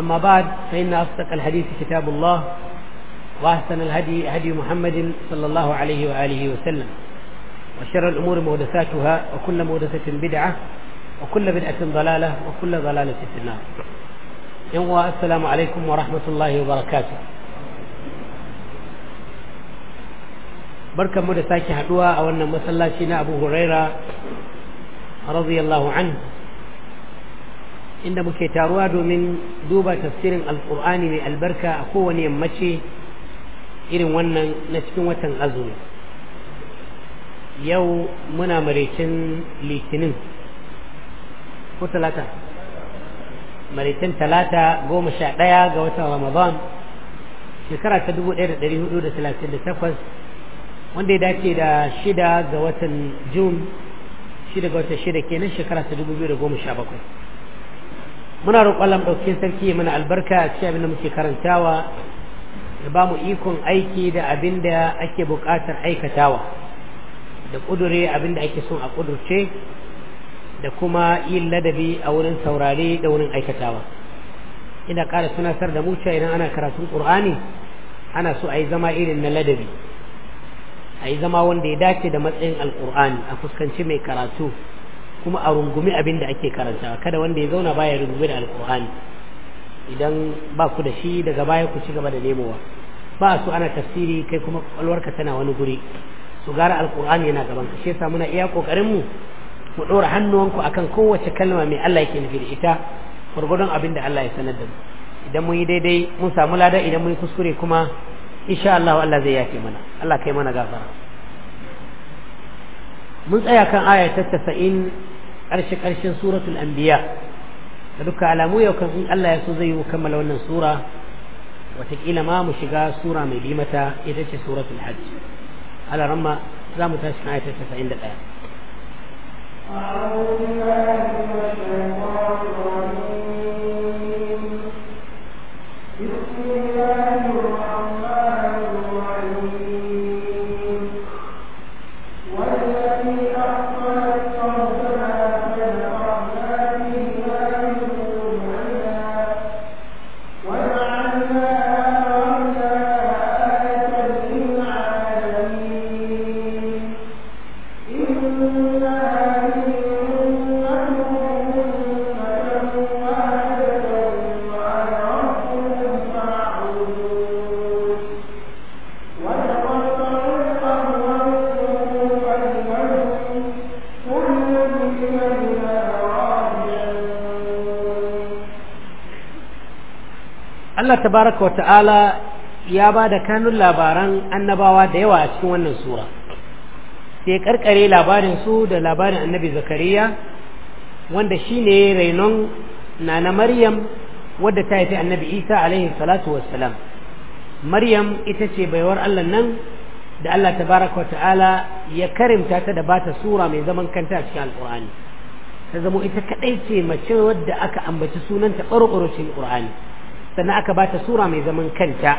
أما بعد فإن أصدق الحديث كتاب الله وأحسن الهدي هدي محمد صلى الله عليه وآله وسلم وشر الأمور محدثاتها وكل محدثة بدعة وكل بدعة ضلالة وكل ضلالة في النار يوم السلام عليكم ورحمة الله وبركاته barkan mu da sake haduwa a wannan masallaci na Abu Huraira radiyallahu anhu inda muke taruwa domin duba tafsirin alkur'ani mai albarka a kowane yammaci irin wannan na cikin watan azumi yau muna maraicin litinin ko talata maraicin talata goma sha ɗaya ga watan ramadan shekara ta dubu ɗaya da ɗari hudu da talatin da takwas wanda ya dace da shida ga watan jun shida ga watan shida kenan shekara ta dubu biyu da goma sha bakwai muna roƙon Allah ɗauke sarki ya mana albarka a cikin abin da muke karantawa ya ba mu ikon aiki da abin da ake buƙatar aikatawa da ƙudure abin da ake son a ƙudurce da kuma yin ladabi a wurin saurare da wurin aikatawa ina ƙara tunatar da muciya idan ana karatun ƙur'ani ana so a yi zama irin na ladabi a yi zama wanda ya dace da matsayin alƙur'ani a fuskanci mai karatu kuma a rungumi abin da ake karantawa kada wanda ya zauna baya rungumi da alkur'ani idan ba ku da shi daga baya ku ci gaba da nemowa ba su ana tafsiri kai kuma ka tana wani guri su gara alkur'ani yana gaban ka shi yasa muna iya kokarin mu mu dora hannuwanku akan kowace kalma mai Allah yake nufi da ita gurgurdon abin da Allah ya sanar da mu idan mun yi daidai mun samu lada idan mun yi kuskure kuma insha Allah Allah zai yafe mana Allah kai mana gafara mun tsaya kan aya ta 90 ƙarshe ƙarshen suratul anbiya da duka alamu yau kan in Allah ya so zai kammala wannan sura watakila ma mu shiga sura mai bi mata ita ce suratul hajj ala ramma za mu tashi kan aya ta ɗaya أعوذ بالله من الشيطان الرجيم Allah tabaraka wa ta'ala ya ba da kanun labaran annabawa da yawa a cikin wannan sura sai karkare labarin su da labarin annabi zakariya wanda shine rainon nana maryam wadda ta haifi annabi isa alaihi salatu wassalam maryam ita ce baiwar allah nan da allah tabaraka wa ta'ala ya karimta ta da bata sura mai zaman kanta a cikin alkur'ani ta zamo ita kadai ce mace wadda aka ambaci sunanta ɓaro cikin qur'ani sannan aka ba ta sura mai zaman kanta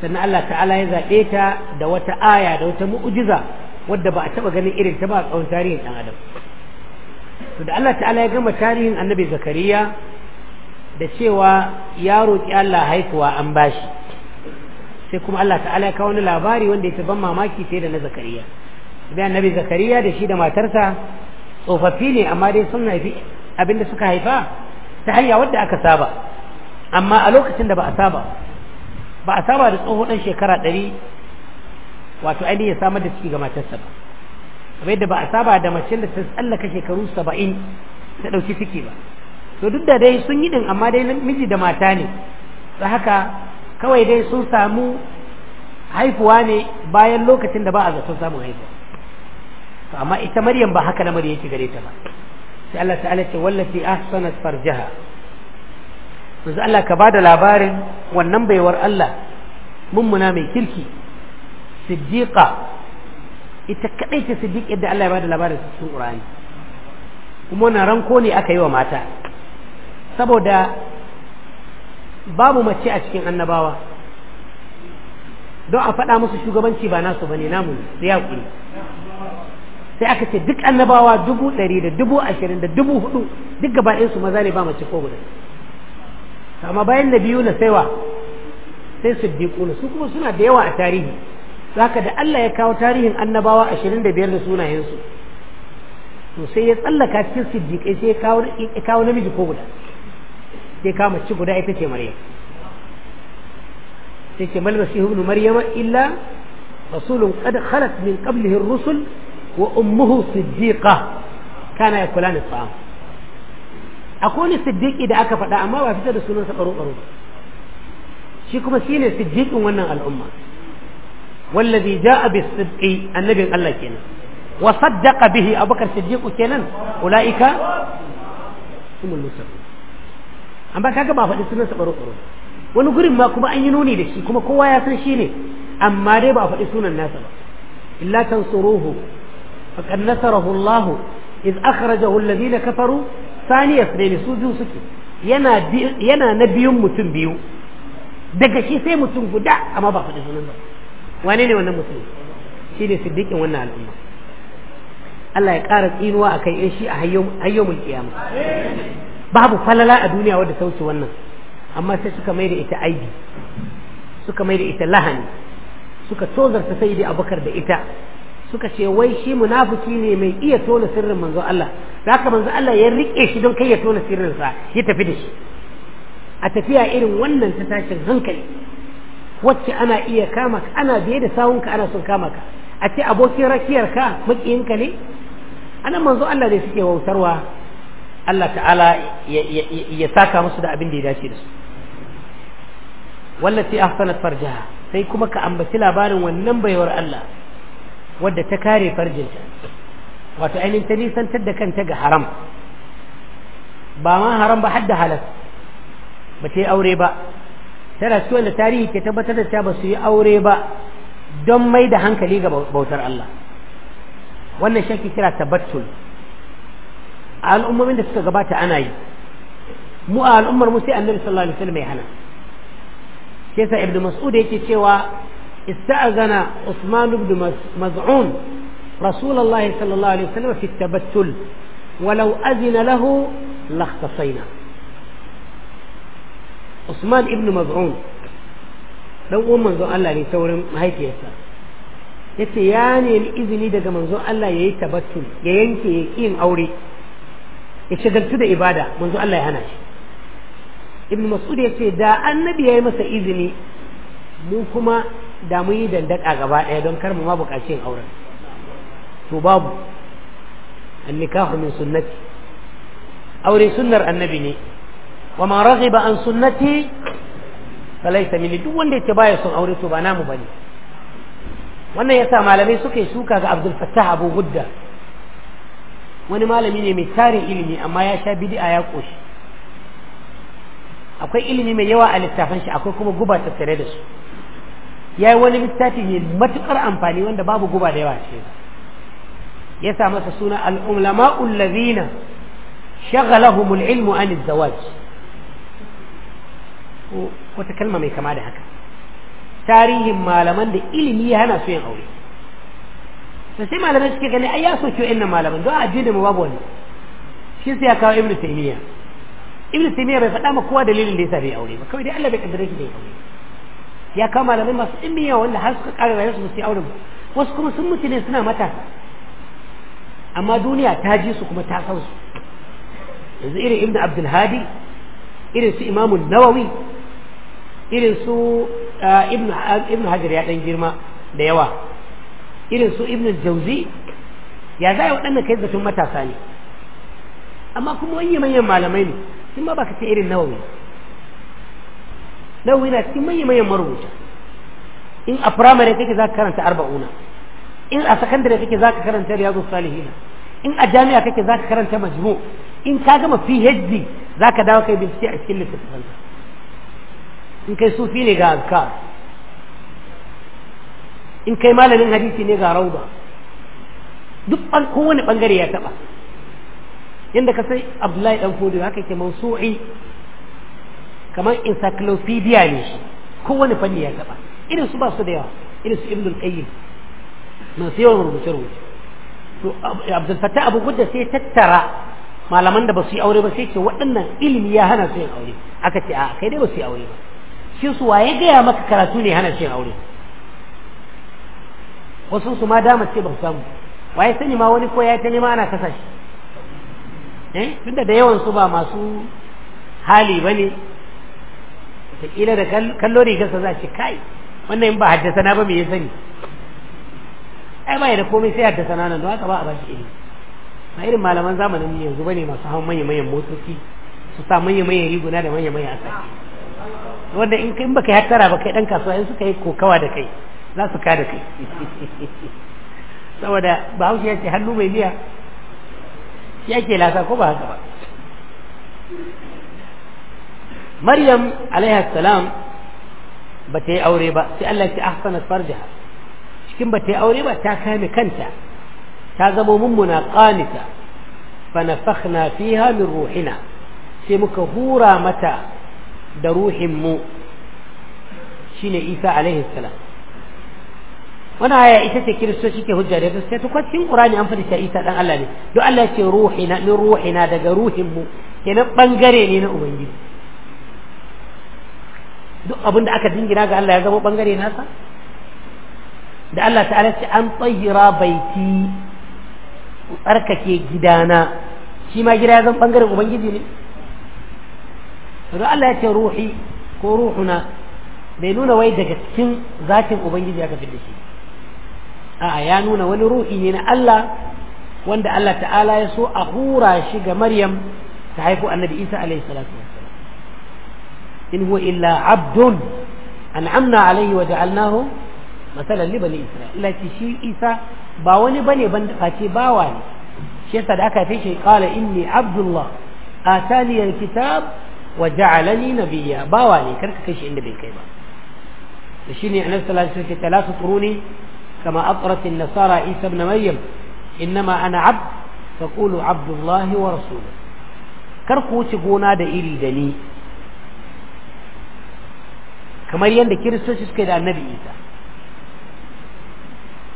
sannan Allah ta'ala ya zaɓe ta da wata aya da wata mu'ujiza wadda ba a taɓa ganin irin ta ba a tsawon tarihin ɗan adam to da Allah ta'ala ya gama tarihin annabi zakariya da cewa ya roƙi Allah an bashi sai kuma Allah ta'ala ya kawo wani labari wanda ya ban mamaki sai da na zakariya da annabi zakariya da shi da matarsa tsofaffi ne amma dai sun haifi abinda suka haifa ta hanya wadda aka saba amma a lokacin da ba a saba ba a saba da tsoho ɗan shekara ɗari wato ainihin ya samar da ciki ga matarsa ba kamar yadda ba a saba da mace da ta tsallaka shekaru saba'in ta ɗauki ciki ba to duk da dai sun yi ɗin amma dai miji da mata ne ta haka kawai dai sun samu haifuwa ne bayan lokacin da ba a zaton samun haifuwa to amma ita maryam ba haka lamari yake gare ta ba sai Allah ta'ala ce wallati ahsanat farjaha manzo Allah ka bada labarin wannan baiwar Allah mummuna mai kirki siddiqa ita kadai ce siddiq yadda Allah ya bada labarin sun Qur'ani kuma na ranko ne aka yi wa mata saboda babu mace a cikin annabawa don a faɗa musu shugabanci ba nasu ba ne namu ya kuri sai aka ce duk annabawa dubu ɗari da dubu ashirin da dubu hudu duk gaba su maza ne ba mace ko guda amma bayan na biyu na saiwa sai siddiquna su kuma suna da yawa a tarihi zaka da Allah ya kawo tarihin annabawa 25 da sunayensu to sai ya tsallaka cikin siddiqai sai ya kawo namiji ko guda sai kawo mace guda ita ce maryam sai ce mal ibn maryama illa rasulun qad khalat min qablihi ar-rusul wa ummuhu siddiqa kana kula at-ta'am akwai wani siddiqi da aka faɗa amma ba fitar da sunansa ƙaro ƙaro ba shi kuma shi ne siddiqin wannan al'umma wallazi ja'a bis sidqi annabin Allah kenan wa saddaqa bihi abubakar siddiqu kenan ulaika humul musaffun amma kaga ba faɗi sunansa ƙaro ƙaro wani gurin ma kuma an yi nuni da shi kuma kowa ya san shi ne amma dai ba a faɗi sunan nasa ba illa tansuruhu faqad nasarahu Allah إذ أخرجه الذين كفروا saniyas ne su biyu suke yana na biyun mutum biyu daga shi sai mutum guda amma ba faɗi sunan ba wane ne wannan mutum shi ne siddiƙin wannan al'umma Allah ya ƙara tsinuwa a kai in shi a mun kiyama babu falala a duniya wadda sauce wannan amma sai suka mai da ita aibi suka mai da ita lahani suka tozarta sai da abakar da ita suka ce wai shi munafiki ne mai iya tona sirrin manzo Allah zaka manzo Allah ya rike shi don kai ya tona sirrin sa ya tafi da shi a tafiya irin wannan ta tashin hankali wacce ana iya kama ka ana biye da sawunka ana son kama ka a ce abokin rakiyar ka ka ne anan manzo Allah ne suke wautarwa Allah ta'ala ya saka musu da abin da ya dace da su wallati ahsanat farjaha sai kuma ka ambaci labarin wannan baiwar Allah wadda ta kare farjinta wato ainihin ta nisantar da kanta ga haram ba ma haram ba hadda halas ba ta yi aure ba tana su wanda tarihi ke tabbatar da ta ba su yi aure ba don mai da hankali ga bautar Allah wannan shakki kira A al'ummomin da suka gabata ana yi mu a al'ummar mu sai annabi sallallahu alaihi wasallam ya hana sai sa ibnu mas'ud yake cewa استأذن عثمان بن مزعون رسول الله صلى الله عليه وسلم في التبتل ولو أذن له لاختصينا عثمان ابن مزعون لو من ذو الله لتور هيك يسا يتي يعني الإذن إذا من ذو الله يتبتل ينكي إن أوري يتشغل تدى إبادة من ذو الله يهناش ابن مسعود يتي دا النبي يمس إذني مو كما da mun yi dandaka gaba ɗaya don karmu ma buƙaci yin auren to babu annikahu min sunnati aure sunnar annabi ne wa man raghiba an sunnati falaisa minni duk wanda yake baya son aure to ba namu bane wannan yasa malamai suka yi shuka ga Abdul Fattah Abu Gudda wani malami ne mai tarin ilimi amma ya sha bid'a ya koshi akwai ilimi mai yawa a littafin shi akwai kuma guba tattare da su ya yi wani littafi mai matuƙar amfani wanda babu guba da yawa ce ya sa masa suna al'ulama ullazina shagalahumul ilmu an zawaj wata kalma mai kama da haka tarihin malaman da ilimi ya hana su yin aure da sai malamai suke gani ai ya soke wa'annan malaman don a addinin mu babu wani shi sai ya kawo ibnu taymiya ibnu taymiya bai faɗa ma kowa dalilin da yasa bai aure ba kawai dai Allah bai kaddare shi bai aure ya kama malamai masu ɗimbin yawa wanda har suka ƙara rayuwarsu ba su yi auren ba wasu kuma sun mutu ne suna mata amma duniya ta ji su kuma ta san su yanzu irin ibnu abdul hadi irin su imamu nawawi irin su ah, Ibn hajar ya ɗan girma da yawa irin su Ibn jauzi ya za a yi waɗannan kai zaton matasa ne amma kuma wani manyan malamai ne sun ma baka ce irin nawawi nawawi yana cikin manyan marubuta in a firamare kake za ka karanta arba'una in a sakandare kake za ka karanta riyadu salihina in a jami'a kake za ka karanta majmu in ka gama phd za ka dawo kai bincike a cikin littattafan in kai sufi ne ga azkar in kai malamin hadisi ne ga rauda duk kowane bangare ya taba yadda ka sai abdullahi dan fodi haka ke mausu'i kamar encyclopedia ne shi kowane fanni ya taba irin su ba su da yawa irin su ibnul qayyim masu yawan rubuce rubuce to abdul fattah abu gudda sai tattara malaman da ba su yi aure ba sai ce waɗannan ilimi ya hana su yin aure aka ce a kai dai ba su yi aure ba shi su waye gaya maka karatu ne hana su yin aure wasu su ma dama ce ba su samu waye sani ma wani ko ya ta nema ana kasa shi eh tunda da yawan su ba masu hali ba ne. ta kila da kallo gasa za shi kai wannan in ba haddasa na ba me ya sani ai ba da komai sai haddasa na nan don haka ba a bashi ilimi ba irin malaman zamanin yanzu bane masu hawan manya manyan motoci su sa manya manyan riguna da manya manyan asali wanda in kai baka hattara ba kai dan kasuwa in suka yi kokawa da kai za su ka da kai saboda bahaushe ya ce hannu mai biya ya ke lasa ko ba haka ba maryam alaiha salam ba ta yi aure ba sai Allah ya ahsana farjaha cikin ba ta yi aure ba ta kame kanta ta zama mummuna qanita fa nafakhna fiha min ruhina sai muka hura mata da ruhin shine Isa ita ce kiristoci ke hujja da sai ta kwacin qur'ani an fadi Isa dan Allah ne duk Allah ya ce ruhina min ruhina daga ruhin mu kenan bangare ne na ubangiji duk abin da aka jingina ga Allah ya zama bangare nasa da Allah ta'ala ce an tsayira baiti tsarkake gidana shi ma gida ya zama bangaren ubangiji ne da Allah ya ce ruhi ko ruhuna bai nuna wai daga cikin zatin ubangiji aka fidda shi a'a ya nuna wani ruhi ne na Allah wanda Allah ta'ala ya so a hura shi ga Maryam ta haifu annabi Isa alaihi salatu إن هو إلا عبد أنعمنا عليه وجعلناه مثلا لبني إسرائيل التي شيء إيسى باوني بني بند فاتي باواني شيء صدقك في شيء قال إني عبد الله آتاني الكتاب وجعلني نبيا باواني كرك كيش عند بالكيبا لشيني أنا ثلاثة لا تطروني كما أطرت النصارى عيسى ابن مريم إنما أنا عبد فقولوا عبد الله ورسوله كركو تقونا دئيري دني kamar yadda kiristoci suka da annabi isa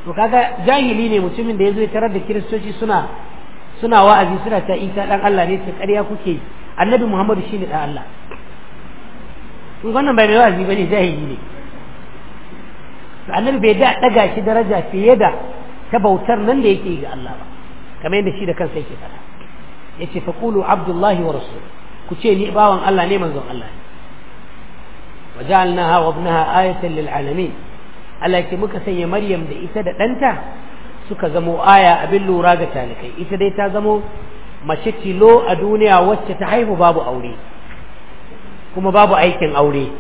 to kaga jahili ne mutumin da ya zo ya tarar da kiristoci suna suna wa'azi suna ta isa dan Allah ne sai ƙarya kuke annabi muhammadu shine dan Allah wannan bai mai wa'azi bane jahili ne annabi bai da daga shi daraja fiye da ta bautar nan da yake ga Allah ba kamar yadda shi da kansa yake faɗa yace faqulu abdullahi wa rasul ku ce ni bawan Allah ne manzon Allah ne وجعلناها وابنها آية للعالمين Allah ce muka sanya Maryam da ita da ɗanta suka zamo aya abin lura ga talikai ita dai ta zamo mace cilo a duniya wacce ta haihu babu aure kuma babu aikin aure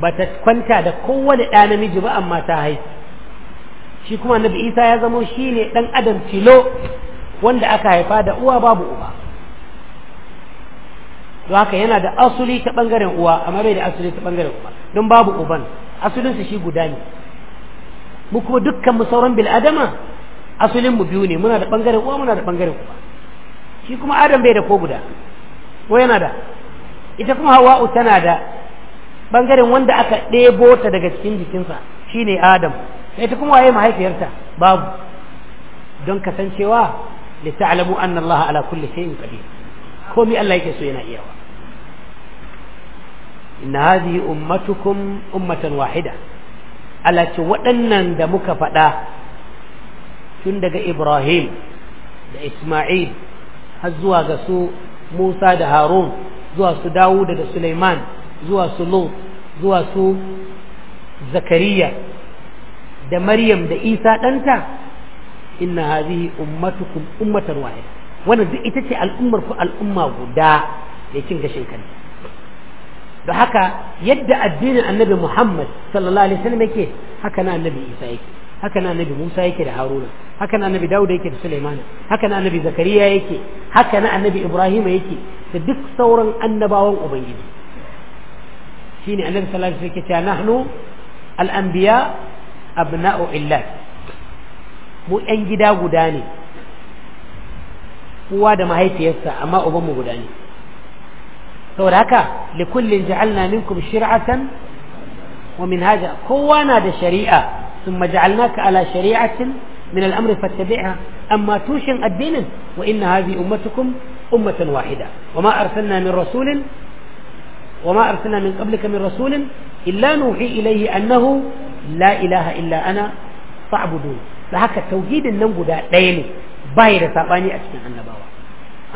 ba ta kwanta da kowane ɗa namiji ba amma ta haihu shi kuma annabi Isa ya zamo shine ɗan adam cilo wanda aka haifa da uwa babu uba don haka yana da asuli ta bangaren uwa amma bai da asuli ta bangaren uwa don babu uban asulin su shi guda ne mu kuma dukkan mu sauran bil adama asulin mu biyu ne muna da bangaren uwa muna da bangaren uba shi kuma adam bai da ko guda ko yana da ita kuma hawa'u tana da bangaren wanda aka ɗebo ta daga cikin jikinsa shine adam sai ta kuma waye mahaifiyarta babu don kasancewa li ta'lamu anna Allah ala kulli shay'in qadir komai Allah yake so yana iyawa inna hadhihi ummatukum ummatan wahida ala ce waɗannan da muka faɗa tun daga Ibrahim da Isma'il har zuwa ga su Musa da Harun zuwa su Dawud da Suleiman zuwa su Lut zuwa su Zakariya da Maryam da Isa ɗanta inna hadhihi ummatukum ummatan wahida wannan duk ita ce al'ummar ku al'umma guda yakin cin gashin kanta da haka yadda addinin annabi Muhammad sallallahu alaihi wasallam yake haka na annabi Isa yake haka na annabi Musa yake da Haruna haka na annabi Dawud yake da Sulaiman haka na annabi Zakariya yake haka na annabi Ibrahim yake da duk sauran annabawan ubangiji shine annabi sallallahu alaihi wasallam yake cewa nahnu al-anbiya abna'u illat mu yan gida guda ne kowa da mahaifiyarsa amma ubanmu guda ne saboda haka likullin ja'alna minkum shir'atan wa minhaja kowa na da shari'a thumma ja'alnaka ala shari'atin min al-amri fattabi'ha amma tushin addinin wa inna hadhihi ummatukum ummatan wahida wa ma arsalna min rasulin wa ma arsalna min qablika min rasulin illa nuhi ilayhi annahu la ilaha illa ana fa'budun da haka tauhidin nan guda ɗaya ne bai da sabani a cikin annabawa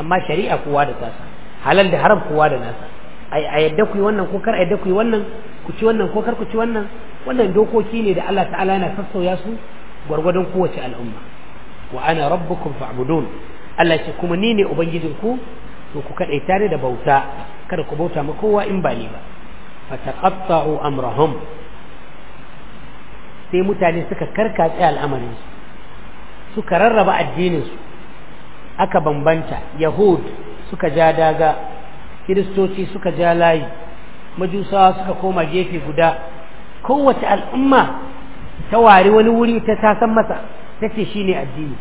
amma shari'a kowa da tasa halal da haram kowa da nasa a yadda ku yi wannan ko kar a yadda ku yi wannan ku ci wannan ko kar ku ci wannan wannan dokoki ne da Allah ta'ala yana sassauya su gwargwadon kowace al'umma wa ana rabbukum fa'budun Allah ce kuma ni ne ubangijin ku to ku tare da bauta kada ku bauta ma kowa in ba ni ba fataqatta'u amrahum sai mutane suka karkace al'amarin su suka rarraba addinin su aka bambanta yahud suka ja daga kiristoci suka ja layi majusawa suka koma gefe guda kowace al'umma ta wari wani wuri ta tasan masa ta ce shi ne addini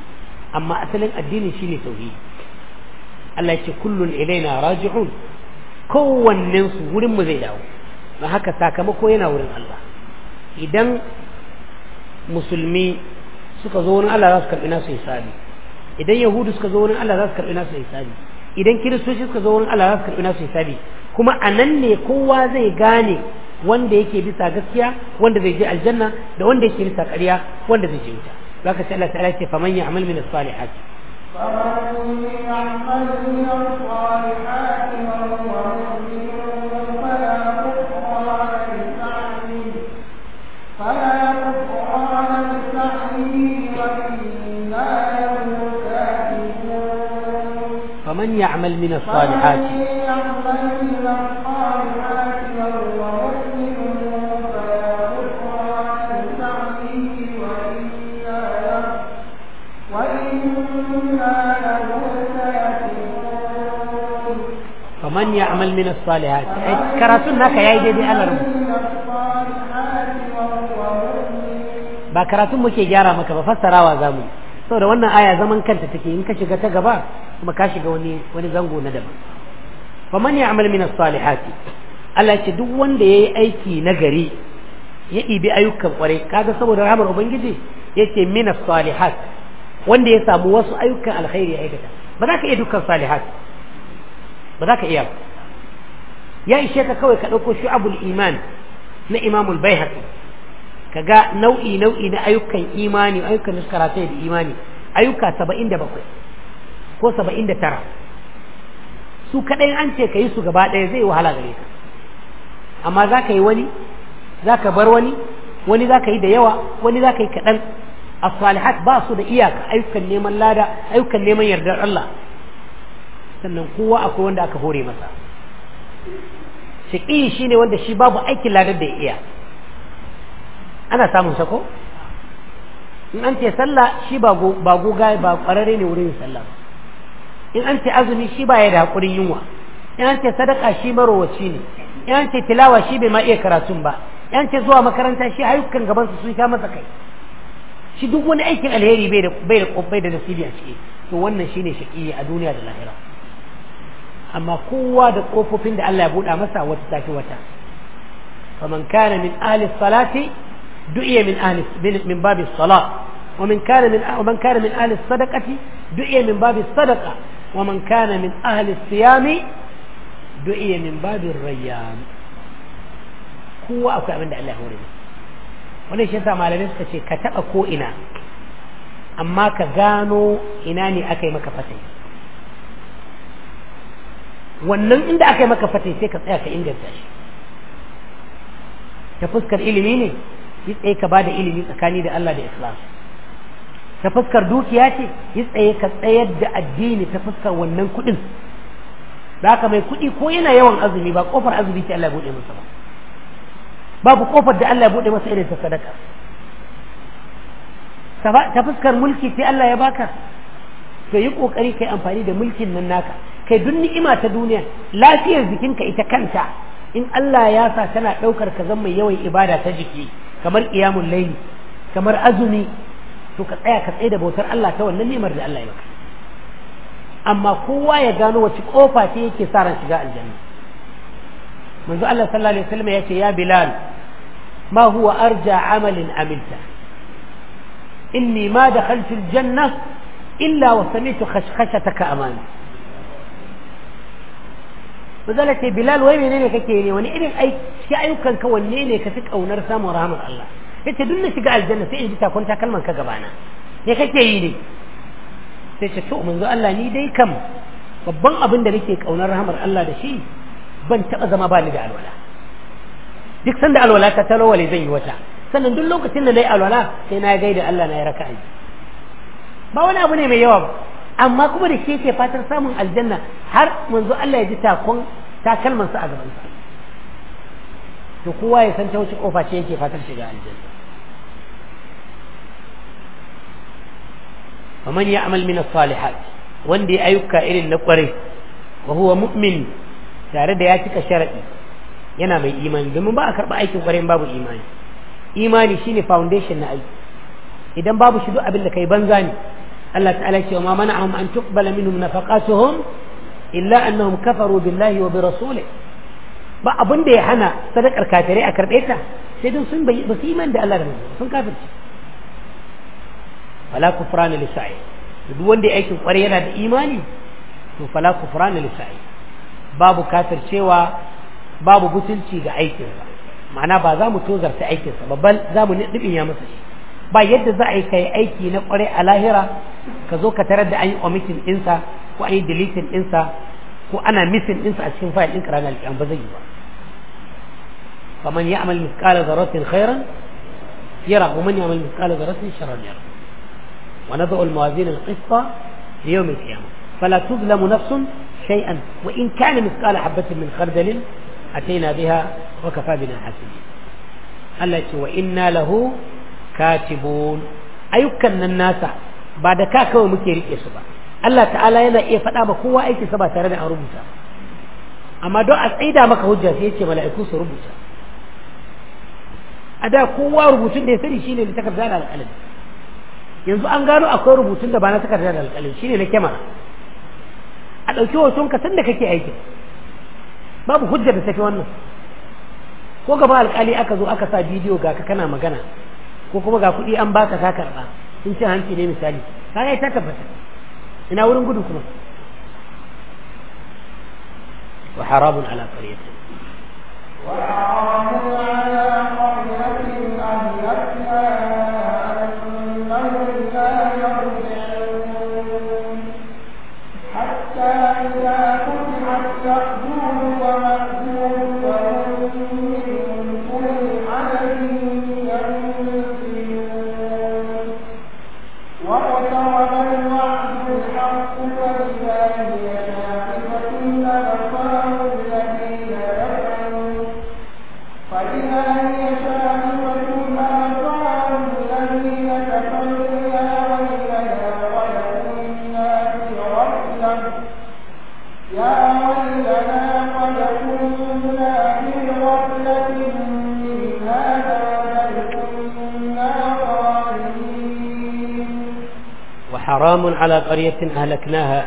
amma asalin addini shi ne tauhidi Allah ya ce kullun ilaina raji'un kowannensu mu zai dawo na haka sakamako yana wurin Allah idan musulmi suka zo wurin Allah za su karɓi nasu hisabi idan yahudu suka zo wurin Allah za su karɓi nasu hisabi idan kiristoci suka zo wurin Allah za su karɓi nasu hisabi kuma a nan ne kowa zai gane wanda yake bisa gaskiya wanda zai je aljanna da wanda yake bisa ƙarya wanda zai je wuta ka ce Allah ta'ala ce faman amal min as-salihati faman ya'mal min as-salihati يعمل من الصالحات فمن يعمل من الصالحات كراتون يا دي انا ba karatun muke gyara maka ba fassarawa zamu saboda wannan aya zaman kanta take in ka shiga ta gaba kuma ka shiga wani wani zango na daban faman ya'mal min as-salihati Allah ce duk wanda yayi aiki na gari ya ɗibi ayyukan kwarai kaga saboda rahmar ubangiji yace min as-salihat wanda ya samu wasu ayyukan alkhairi ya aikata ba za ka iya dukkan salihat ba za ka iya ya ishe ka kawai ka ɗauko shu'abul iman na imamul baihaqi kaga nau'i nau'i na ayyukan imani ayyukan da suka da imani ayyuka 77 ko saba'in da tara su kaɗai an ce ka yi su gaba ɗaya zai wahala gare ka amma za ka yi wani za ka bar wani wani za ka yi da yawa wani za ka yi kaɗan a salihat ba su da iyaka ayyukan neman lada ayyukan neman yardar Allah sannan kowa akwai wanda aka hore masa shi ne wanda shi babu aikin ladar da ya iya ana samun sako in an ce sallah shi ba goga ba ƙwararre ne wurin sallah ba in an ce azumi shi ba ya da haƙurin yunwa in an ce sadaka shi marowaci ne in an ce tilawa shi bai ma iya karatun ba in an ce zuwa makaranta shi ayyukan gaban su sun sha masa kai shi duk wani aikin alheri bai da bai da nasibi a ciki to wannan shine shaqi a duniya da lahira amma kowa da kofofin da Allah ya buɗa masa wata tafi wata faman kana min ahli salati du'iya min ahli min babis salat ومن كان من ومن كان من اهل الصدقه دعي من باب الصدقه ومن كان من أهل الصيام دعي من باب الريان هو أكو أبن الله ورمي wani shi yasa malamai suka ce ka taɓa ko ina amma ka gano ina ne aka yi maka fatai wannan inda aka yi maka fatai sai ka tsaya ka inganta shi ta fuskar ilimi ne yi tsaye ka ba da ilimi tsakani da Allah da Islam ta fuskar dukiya ce yi tsaye ka tsayar da addini ta fuskar wannan kuɗin da ka mai kuɗi ko yana yawan azumi ba kofar azumi ce Allah ya buɗe masa ba babu kofar da Allah ya buɗe masa irin ta sadaka ta fuskar mulki sai Allah ya baka to yi kokari kai amfani da mulkin nan naka kai duk ni'ima ta duniya lafiyar jikinka ita kanta in Allah ya sa tana ɗaukar ka zan mai yawan ibada ta jiki kamar iyamun laili kamar azumi to ka tsaya ka tsaye da bautar Allah ta wannan ni'imar da Allah ya maka amma kowa ya gano wace kofa ce yake sa ran shiga aljanna manzo Allah sallallahu alaihi wasallam yace ya bilal ma huwa arja amalin amilta inni ma dakhaltu aljanna illa wa sami'tu khashkhashataka amani bazalake bilal wai menene kake ne wani irin aiki ayyukan ka wanne ne ka fi kaunar samun rahmar Allah yace duk na shiga aljanna sai in ji takon takalman ka gabana me kake yi ne sai ce to manzo Allah ni dai kam babban abin da nake kaunar rahamar Allah da shi ban taba zama ba ni da alwala duk sanda alwala ta talawale zan yi wata sannan duk lokacin da nayi alwala sai na gaida Allah na yi raka'a ba wani abu ne mai yawa ba amma kuma da shi yake fatar samun aljanna har manzo Allah ya ji takon takalmansa a gaban sa. to kowa ya san ta wuce kofa ce yake fatar shiga aljanna wa man ya'mal min as-salihat wanda ya ayyuka irin na kware wa huwa mu'min tare da ya cika sharaɗi yana mai imani domin ba a karba aikin kwarin babu imani imani shine foundation na aiki idan babu shi duk abin da kai banza ne Allah ta'ala ce wa ma mana'ahum an tuqbala minhum nafaqatuhum illa annahum kafaru billahi wa bi rasulih ba abin ya hana sadakar kafirai a karbe ta sai dun sun bai imani da Allah da sun kafirci fala kufrana li duk wanda ya aikin kware yana da imani to fala kufrana li babu kafir cewa babu butulci ga aikinsa ma'ana ba za mu tozarta aikinsa babban za mu nibin ya masa shi ba yadda za a yi kai aiki na kware a lahira ka zo ka tarar da an yi omitin insa ko an yi deletin insa ko ana misin insa a cikin fayil ɗinka ranar alƙiyam ba zai yi ba faman ya amal miskala zaratin khairan yara wa man ya amal miskala zaratin sharar yara ونضع الموازين القسط ليوم القيامة فلا تظلم نفس شيئا وإن كان مثقال حبة من خردل أتينا بها وكفى بنا حاسبين التي وإنا له كاتبون أيكن الناس بعد كاكو مكيري إسبا الله تعالى ينا إيه فتا بقوة أيكي سبا ترمي أن ربوتا أما دو أسعيدا مكا هجا سيكي ملائكو سربوتا أدا قوة ربوتين دي سري شيني لتكب زالة الألم yanzu an gano akwai rubutun da ba na takardar da alƙalin shine na kyamara a ɗauki hoton ka da kake aiki babu hujjar da tafi wannan ko gaba alƙali aka zo aka sa bidiyo ga ka kana magana ko kuma ga kuɗi an baka ka karɓa sun ci hanci ne misali ga ita tabbata ina wurin gudu kuma wa harabun ala qaryatin wa harabun ala qaryatin ahlakna haramun ala qaryatin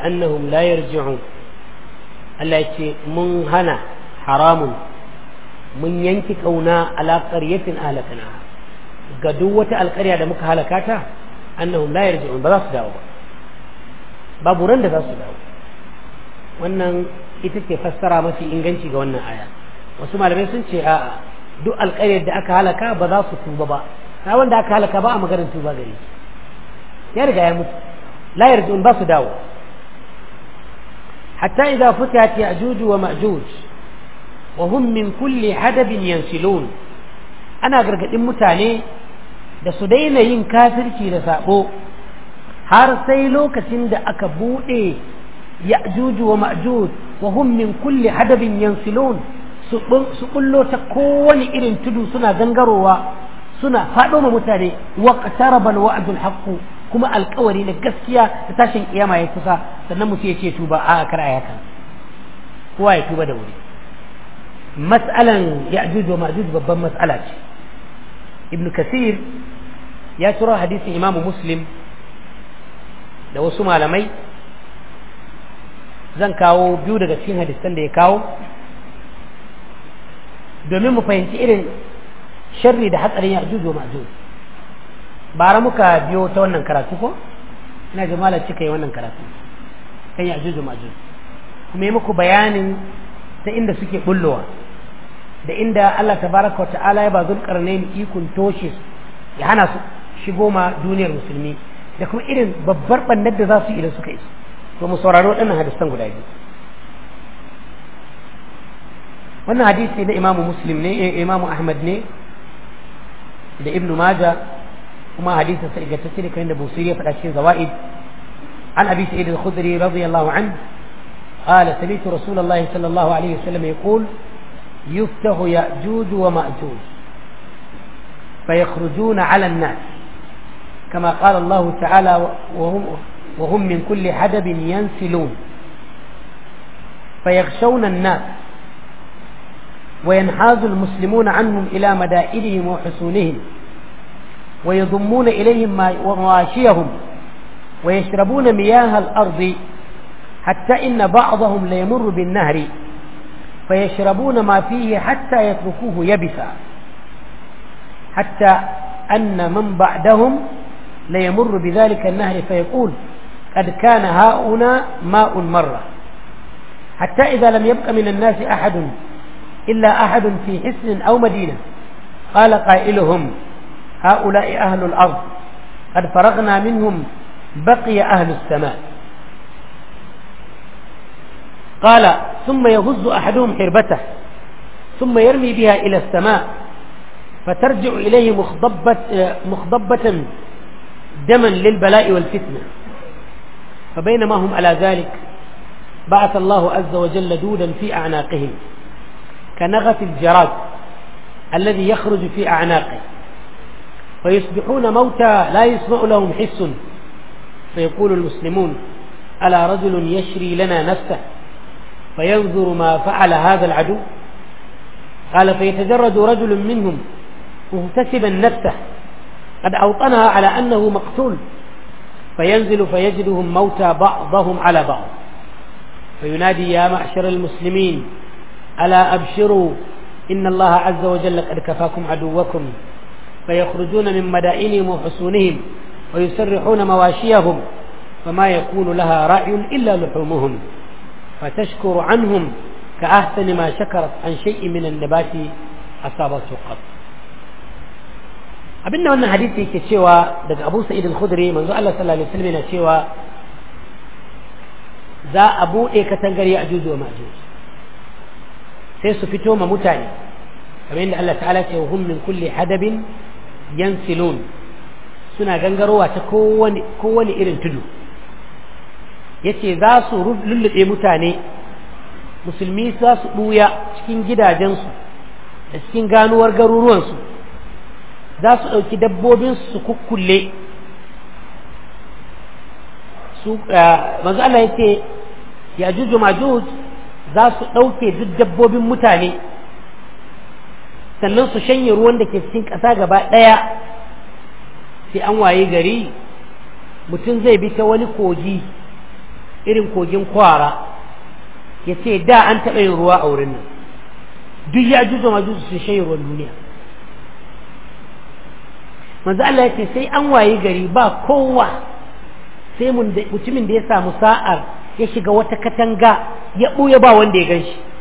kauna ala wata alƙarya da muka ba za su dawo babu ran da za su dawo wannan ita ke fassara mafi inganci ga wannan aya wasu malamai sun ce a'a duk alƙaryar da aka halaka ba za su tuba ba sai wanda aka halaka ba a maganin tuba gare shi ya riga ya mutu la yarjun dawo hatta idza futihat ya'juj wa ma'juj wa hum min kulli hadabin yansilun ana gargadin mutane da su daina yin kafirci da sabo har sai lokacin da aka bude ya'juj wa wa hum min kulli hadabin yansilun su kullo ta kowane irin tudu suna gangarowa suna faɗo mutane wa qatarabal wa'dul kuma alkawari na gaskiya da tashin kiyama ya kusa sannan mutum ya ce tuba a kar a yakan kowa ya tuba da wuri mas'alan ya'juj wa ma'juj babban mas'ala ce ibnu kasir ya turo hadisin imamu muslim da wasu malamai zan kawo biyu daga cikin hadisan da ya kawo domin mu fahimci irin sharri da hatsarin ya'juj wa ma'juj bara muka biyo ta wannan karatu ko ina ji malam cika yi wannan karatu kan ajuju kuma yi muku bayanin ta inda suke bullowa da inda Allah Ta wa ta'ala ya ba zulkarnain ikon toshe ya hana su shigo ma duniyar musulmi da kuma irin babbar bannar da za su idan suka yi. to mu saurari waɗannan hadisan guda biyu wannan hadisi na imamu muslim ne eh, imamu ahmad ne da ibnu maja كما حديث سيدنا تسيري كان ابو kan da busiri زوائد عن ابي سعيد الخدري رضي الله عنه قال سمعت رسول الله صلى الله عليه وسلم يقول يفتح يأجوج ومأجوج فيخرجون على الناس كما قال الله تعالى وهم, وهم من كل حدب ينسلون فيغشون الناس وينحاز المسلمون عنهم إلى مدائنهم وحصونهم ويضمون إليهم مواشيهم ويشربون مياه الأرض حتى إن بعضهم ليمر بالنهر فيشربون ما فيه حتى يتركوه يبسا حتى أن من بعدهم ليمر بذلك النهر فيقول قد كان هاؤنا ماء مرة حتى إذا لم يبق من الناس أحد إلا أحد في حسن أو مدينة قال قائلهم هؤلاء أهل الأرض قد فرغنا منهم بقي أهل السماء قال ثم يهز أحدهم حربته ثم يرمي بها إلى السماء فترجع إليه مخضبة, مخضبة دما للبلاء والفتنة فبينما هم على ذلك بعث الله عز وجل دودا في أعناقهم كنغة الجراد الذي يخرج في أعناقه فيصبحون موتى لا يسمع لهم حس فيقول المسلمون ألا رجل يشري لنا نفسه فينظر ما فعل هذا العدو قال فيتجرد رجل منهم مغتسبا نفسه قد أوطنها على أنه مقتول فينزل فيجدهم موتى بعضهم على بعض فينادي يا معشر المسلمين ألا أبشروا إن الله عز وجل قد كفاكم عدوكم فيخرجون من مدائنهم وحصونهم ويسرحون مواشيهم فما يكون لها رعي إلا لحومهم فتشكر عنهم كأحسن ما شكرت عن شيء من النبات أصابته قط abinda wannan hadisi yake cewa daga Abu Sa'id al-Khudri manzo Allah sallallahu alaihi wasallam yana cewa za a bude katangar ya ajuju wa majuju sai su fito ma mutane kamar yadda Allah ta'ala ce hum min kulli hadabin yansilun suna gangarowa ta kowane irin tudu yace za su lullube mutane musulmi za su ɓuya cikin gidajensu da cikin ganuwar garuruwansu za su ɗauki dabbobinsu su kukkulle su eh, Allah ya ya juju majuj za su ɗauke duk dabbobin mutane sannan su shanye ruwan da ke cikin ƙasa gaba ɗaya sai an waye gari mutum zai bi ta wani kogi irin kogin kwara ya ce da an taɓa yin ruwa a wurin nan duk ya juzo ma juzo su shanye ruwan duniya manzo Allah ya sai an waye gari ba kowa sai mutumin da ya samu sa'ar ya shiga wata katanga ya ɓuya ba wanda ya gan shi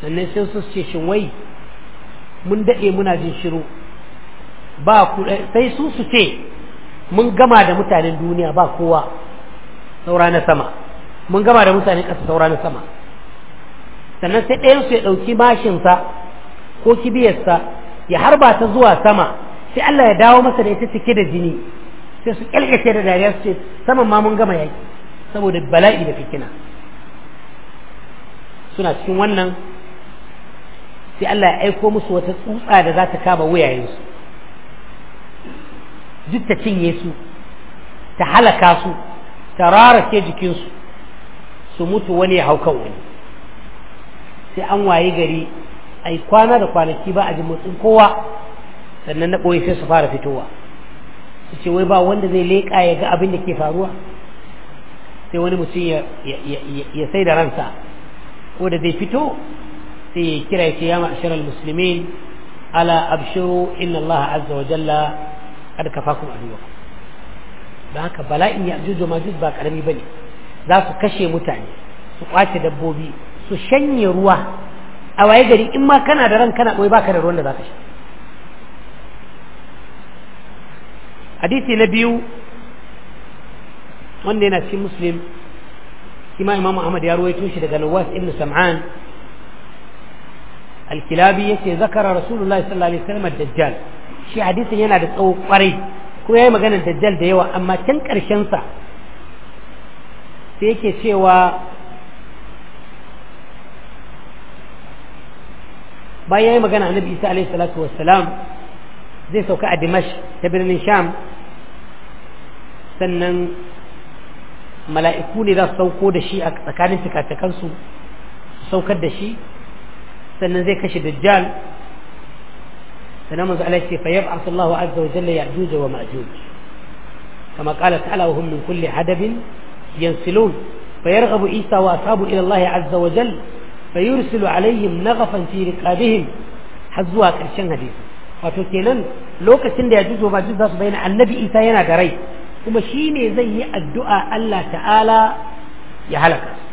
sannan sai su ce shin wai mun daɗe muna jin shiru ba eh, sai su su ce mun gama da mutanen duniya ba kowa saura na sama mun gama da mutanen ƙasa saura na sama sannan sai ɗayan su ya ɗauki mashinsa ko kibiyarsa ya harba ta zuwa sama sai Allah ya dawo masa da ita cike da jini sai su kyalkace da dariya su ce saman ma mun gama yaki saboda bala'i da fitina suna cikin wannan sai Allah ya aiko musu wata tsutsa da za ta kama wuyayensu duk ta cinye su ta halaka su ta rarake jikinsu su mutu wani ya hau kan wani sai an waye gari ai kwana da kwanaki ba a ji motsin kowa sannan na ɓoye sai su fara fitowa su ce wai ba wanda zai leƙa ya ga abin da ke faruwa sai wani mutum ya sai da ransa ko da zai fito sai kira ce ya ma'asharal musulmin ala abshiru inna Allah azza wa jalla kad kafakum aduwakum da haka bala'in ya ajuju majus ba karami bane za su kashe mutane su kwace dabbobi su shanye ruwa a waye gari in ma kana da ran kana boye baka da ruwan da ka sha hadisi na biyu wanda yana cikin muslim shi ma imamu ahmad ya ruwaito shi daga nawas ibn sam'an alkilabi yace zakara rasulullahi sallallahu alaihi wasallam dajjal shi hadisin yana da tsawo kwarai kuma yayi maganar dajjal da yawa amma can karshen sa sai yake cewa bayan yayi magana annabi Isa alaihi salatu wassalam zai sauka a Dimash ta birnin Sham sannan mala'iku ne za su sauko da shi a tsakanin fikafikansu su saukar da shi sannan zai kashe dajjal sannan manzo Allah ce fa yab'athu Allahu azza wa jalla ya'juj wa ma'juj kama qala ta'ala wa hum min kulli hadabin yansilun فيرغب عيسى وأصحابه إلى الله عز وجل فيرسل عليهم نغفا في رقابهم حزوا كرشن حديث wato kenan lokacin da ya wa ba juzo su bayyana annabi isa yana da rai kuma shi ne zai yi addu'a Allah ta'ala ya halaka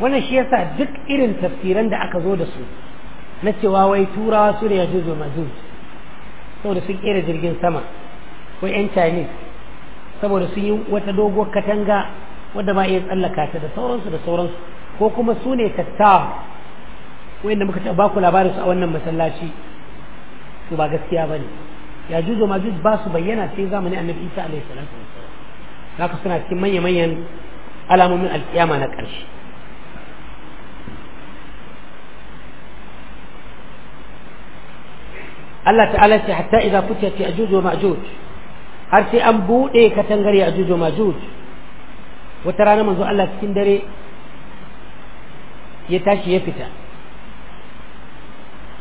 wannan shi yasa duk irin tafsiran da aka zo da su na cewa wai turawa su ne yajuzu majuz saboda sun kera jirgin sama ko yan chinese saboda sun yi wata dogo katanga wadda ma iya tsallaka ta da sauransu da sauransu ko kuma su ne tattawa wanda muka taɓa baku labarin su a wannan masallaci su ba gaskiya ba ne ya juzo ma ba su bayyana sai zamanin annabi isa alaihi salatu wasallam haka suna cikin manya-manyan alamomin alkiyama na ƙarshe Allah ta'ala ce hatta idza futat ya'juj wa ma'juj har sai an bude katangar ya'juj wa ma'juj wata rana manzo Allah cikin dare ya tashi ya fita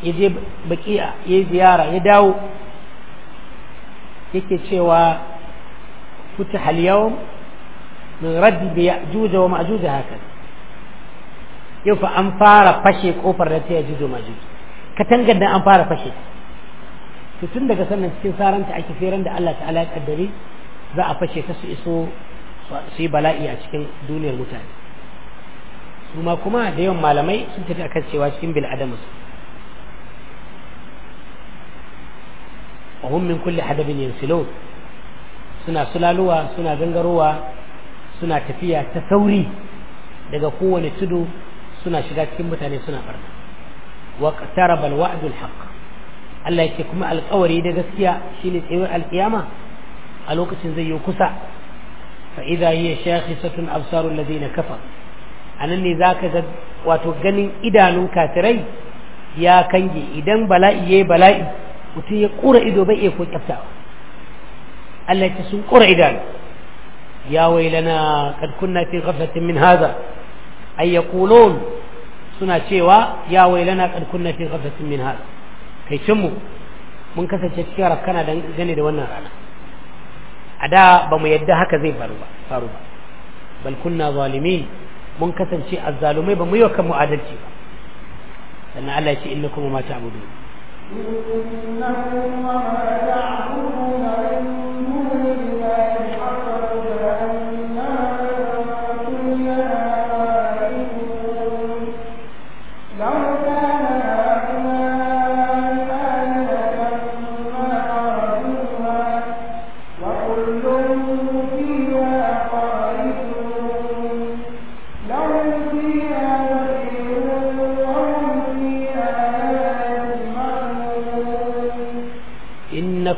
ya je baki'a ya ziyara ya dawo yake cewa futa hal yawm min raddi ya'juj wa ma'juj hakaza yau fa an fara fashe kofar da ta ya'juj wa ma'juj katangar da an fara fashe to tun daga sannan cikin saranta ake feran da Allah ta'ala ya kaddare za a fashe ta su iso su yi bala'i a cikin duniyar mutane kuma kuma da yawan malamai sun tafi akan cewa cikin bil adamus wa hum min kulli hadabin yansilun suna sulaluwa suna gangarowa suna tafiya ta sauri daga kowane tudu suna shiga cikin mutane suna barna wa tarabal wa'dul haqq Allah ya ce kuma alƙawari da gaskiya shine tsayuwar alƙiyama a lokacin zai yi kusa fa idza hiya shakhisatun absaru alladhina kafar anan ne zaka ga wato ganin idanun kafirai ya kange idan bala'i yayi bala'i mutum ya kura ido bai iya ko kyaftawa Allah ya sun kura idanu ya wailana kad kunna fi ghaflatin min hadha ay yaqulun suna cewa ya wailana kad kunna fi ghaflatin min hadha kai mu mun kasance cikin rafkana dangane da wannan rana a da ba mu yadda haka zai faru ba bal kunna zalimin mun kasance azzalumai ba mu yi wa kanmu adalci ba sannan Allah ya ce kuma ma ta'budun innakum ma ta'budun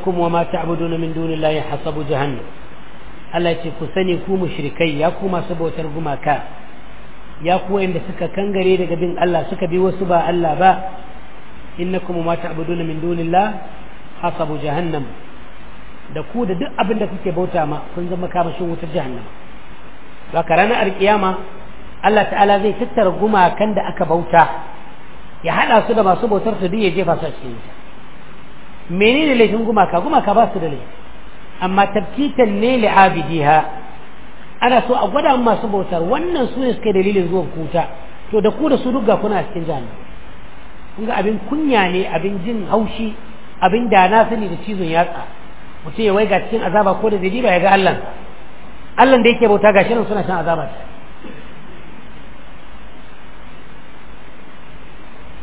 anfusakum wa ma ta'buduna min dunillahi hasabu jahannam Allah ce ku sani ku mushrikai ya ku masu bautar gumaka ya ku wanda suka kangare daga bin Allah suka bi wasu ba Allah ba innakum ma ta'buduna min dunillahi hasabu jahannam da ku da duk abin da kuke bauta ma kun zama kamashin wutar jahannama ba ka ranar alkiyama Allah ta'ala zai tattara gumakan da aka bauta ya haɗa su da masu bautar su duk ya jefa su a cikin wuta menene laifin gumaka gumaka ba su da laifi amma tabkitan ne li'abidiha ana so a gwada masu bautar wannan su ne suka dalilin zuwa kuta to da ku da su duk kuna cikin jami kun ga abin kunya ne abin jin haushi abin da na sani da cizon yatsa mutum ya waiga cikin azaba ko da dalila ya ga Allah Allah da yake bauta gashi nan suna shan azaba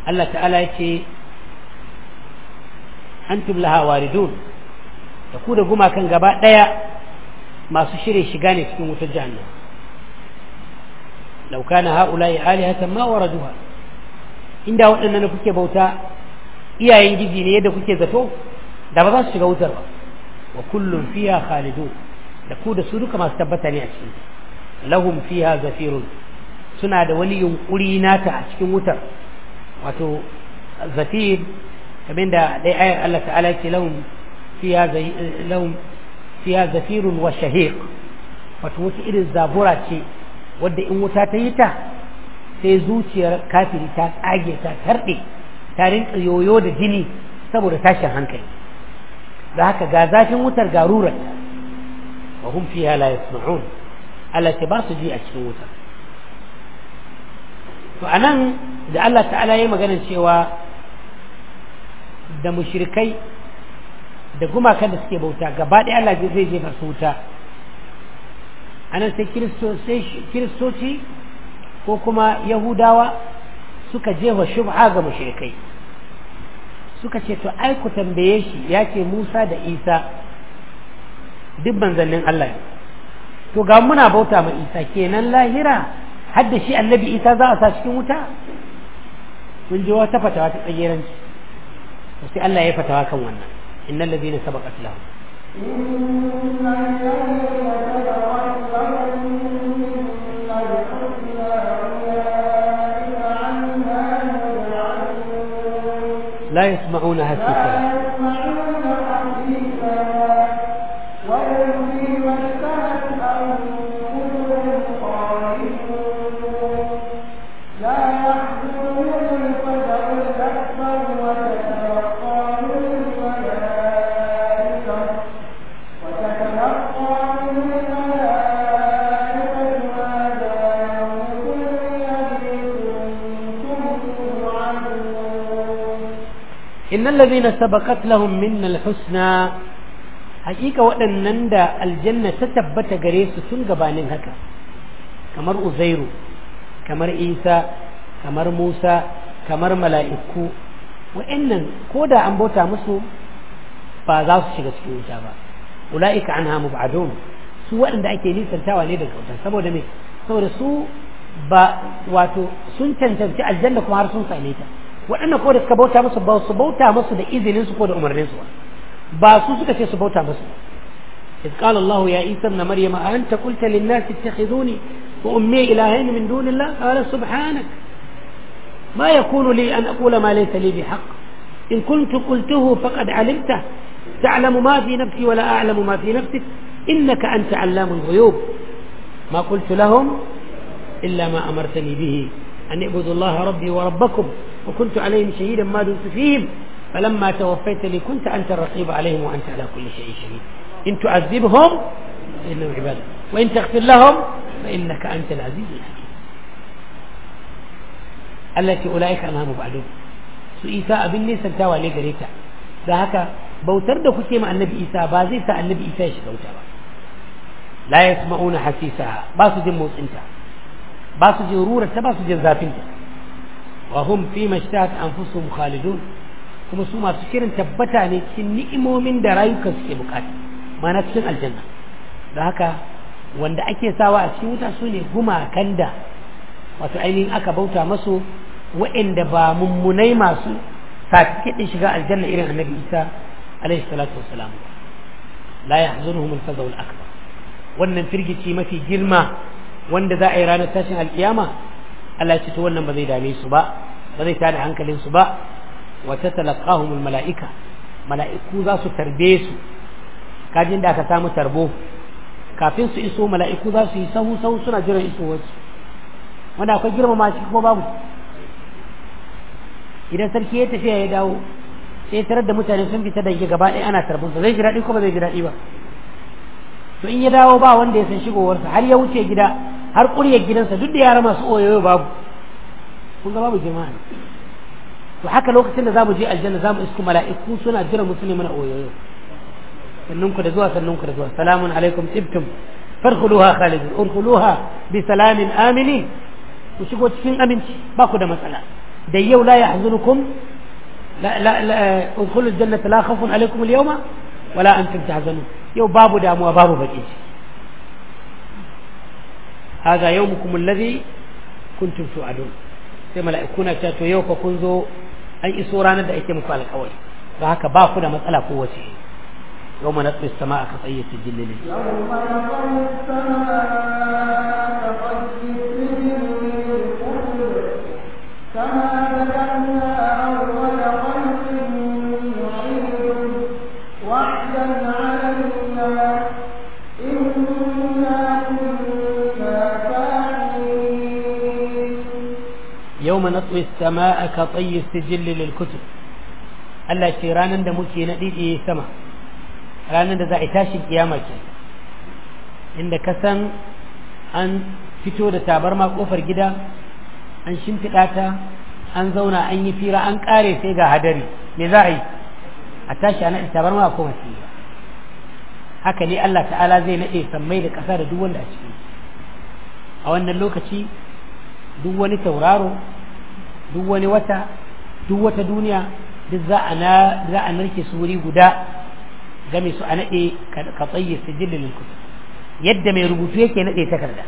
Allah ta'ala ya ce antum laha waridun da ku da gumakan gaba ɗaya masu shirye shiga ne cikin wutar jahannam law kana haula'i alihatan ma waraduha inda waɗannan da kuke bauta iyayen giji ne yadda kuke zato da ba za su shiga wutar ba wa kullum fiya khalidun da ku da su duka masu tabbata ne a cikin lahum fiha zafirun suna da wani yunkuri nata a cikin wutar wato zafir kamar da dai ayar Allah ta'ala ce lahum fiya zafirun wa shahiq wato wasu irin zabura ce wadda in wuta ta yi ta sai zuciyar kafiri ta tsage ta tarɗe ta rinka yoyo da jini saboda tashin hankali da haka ga zafin wutar ga rurar wa hum fiha la yasma'un Allah ta ba su ji a cikin wutar to anan da Allah ta'ala ya yi maganin cewa da mushrikai da gumakan da suke bauta gaba ɗaya Allah zai jefa su wuta anan sai kiristoci ko kuma yahudawa suka jefa shubha ga mushrikai suka ce to ai ku tambaye shi ya ce Musa da Isa duk manzannin Allah ne to ga muna bauta ma Isa kenan lahira har da shi annabi Isa za a sa cikin wuta kun ji wata fatawa ta tsageranci وسي الله يفتوا كان ونا ان الذين سبقت لهم لا يسمعونها هسيسا لا يسمعون innal ladhina sabaqat lahum minna alhusna hakika waɗannan da aljanna ta tabbata gare su sun gabanin haka kamar uzairu kamar isa kamar musa kamar mala'iku wa'annan ko da an bauta musu ba za su shiga cikin wuta ba ula'ika an hamu ba'adun su waɗanda ake nisantawa ne da wuta saboda me saboda su ba wato sun cancanci aljanna kuma har sun same ta waɗannan ko da suka bauta musu ba su bauta musu da izinin su ko da umarnin su ba su suka ce su bauta musu إذ قال الله يا عيسى ابن مريم أأنت قلت للناس اتخذوني وأمي إلهين من دون الله قال سبحانك ما يكون لي أن أقول ما ليس لي بحق إن كنت قلته فقد علمته تعلم ما في نفسي ولا أعلم ما في نفسك إنك أنت علام الغيوب ما قلت لهم إلا ما أمرتني به أن اعبدوا الله ربي وربكم وكنت عليهم شهيدا ما دمت فيهم فلما توفيتني كنت أنت الرقيب عليهم وأنت على كل شيء شهيد إن تعذبهم فإنهم عبادك وإن تغفر لهم فإنك أنت العزيز الحكيم التي أولئك أنها مبعدون su isa abin nisantawa ne gare ta da haka bautar da kuke ma annabi isa ba zai sa annabi isa ya shiga wuta ba la ma'una hasisa ba su jin motsinta ba su jin rurarta ba su jin zafinta wa hum fi mashtahat anfusuhum khalidun kuma su masu kirin tabbata ne cikin ni'imomin da rayuka suke bukata mana cikin aljanna da haka wanda ake sawa a cikin wuta sune ne gumakan da wato ainihin aka bauta masu wa'inda ba mummunai masu sakaɗin shiga aljanna irin annabi isa alaihi salatu wasalam la wannan firgici mafi girma wanda za a yi ranar tashin alkiyama Allah ce to wannan ba zai dame su ba ba zai tada hankalin su ba wa tatalaqahumul malaika mala'iku za su tarbe su kajin da aka samu tarbo kafin su iso mala'iku za su yi sahu sahu suna jiran isowar su wanda akwai girmama shi ko babu idan sarki ya tafiya ya dawo sai tarar da mutane sun fita dange gaba ɗaya ana tarbin su zai ji daɗi ko ba zai ji daɗi ba to in ya dawo ba wanda ya san shigowarsa har ya wuce gida har ƙuryar gidansa duk da yara masu oyoyo babu kun ga babu jama'a to haka lokacin da za mu je aljanna za mu isku mala'iku suna jira musulmi mana oyoyo sannan ku da zuwa sannan ku da zuwa salamun alaikum tibtum farkhuluha khalidun urkhuluha bi salamin amini ku shigo cikin aminci ba ku da matsala da yau la yahzunukum babu damuwa babu هذا يومكم الذي كنتم توعدون sai mala'ikuna ta to yau fa kun zo an iso ranar da ake muku alƙawari don haka ba ku da matsala ko wace yau mana tsaye sama aka tsaye su jillili وحدا علينا yawma natwi as-samaa ka tayyi sijil lil kutub Allah ce ranan da muke na dide sama ranan da za a tashi kiyama ke inda ka san an fito da tabarma kofar gida an shimfiɗa ta an zauna an yi fira an ƙare sai ga hadari me za a yi a tashi a naɗe tabarma ko mace haka ne Allah ta'ala zai naɗe sammai da ƙasa da duk wanda a ciki a wannan lokaci duk wani tauraro duk wani wata duk wata duniya duk za a na za a narke su wuri guda game su a nade ka tsaye sijillin kutub yadda mai rubutu yake nade takarda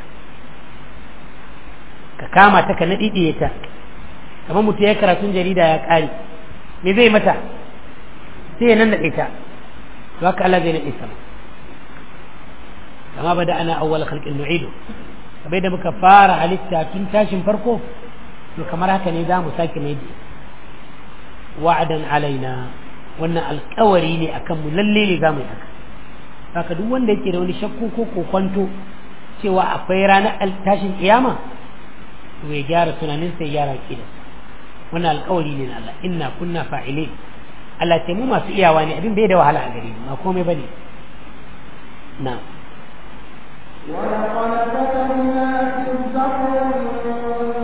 ka kama ta ka nadidiye ta kamar mutum ya karatun jarida ya kare me zai mata sai ya nan nade ta to haka Allah zai naɗe sama kama bada ana awwal khalqin nu'idu kamar da muka fara halitta tun tashin farko to kamar haka ne za mu sake mai wa'adan alaina wannan alkawari ne akan mu lalle ne za mu yi haka haka duk wanda yake da wani shakku ko kokonto cewa akwai ranar tashin kiyama to ya gyara tunanin sai gyara kidan wannan alkawari ne na Allah inna kunna fa'ilin Allah ce mu masu iyawa ne abin bai da wahala a gare mu ba komai bane na ولقد كتبنا في الزبر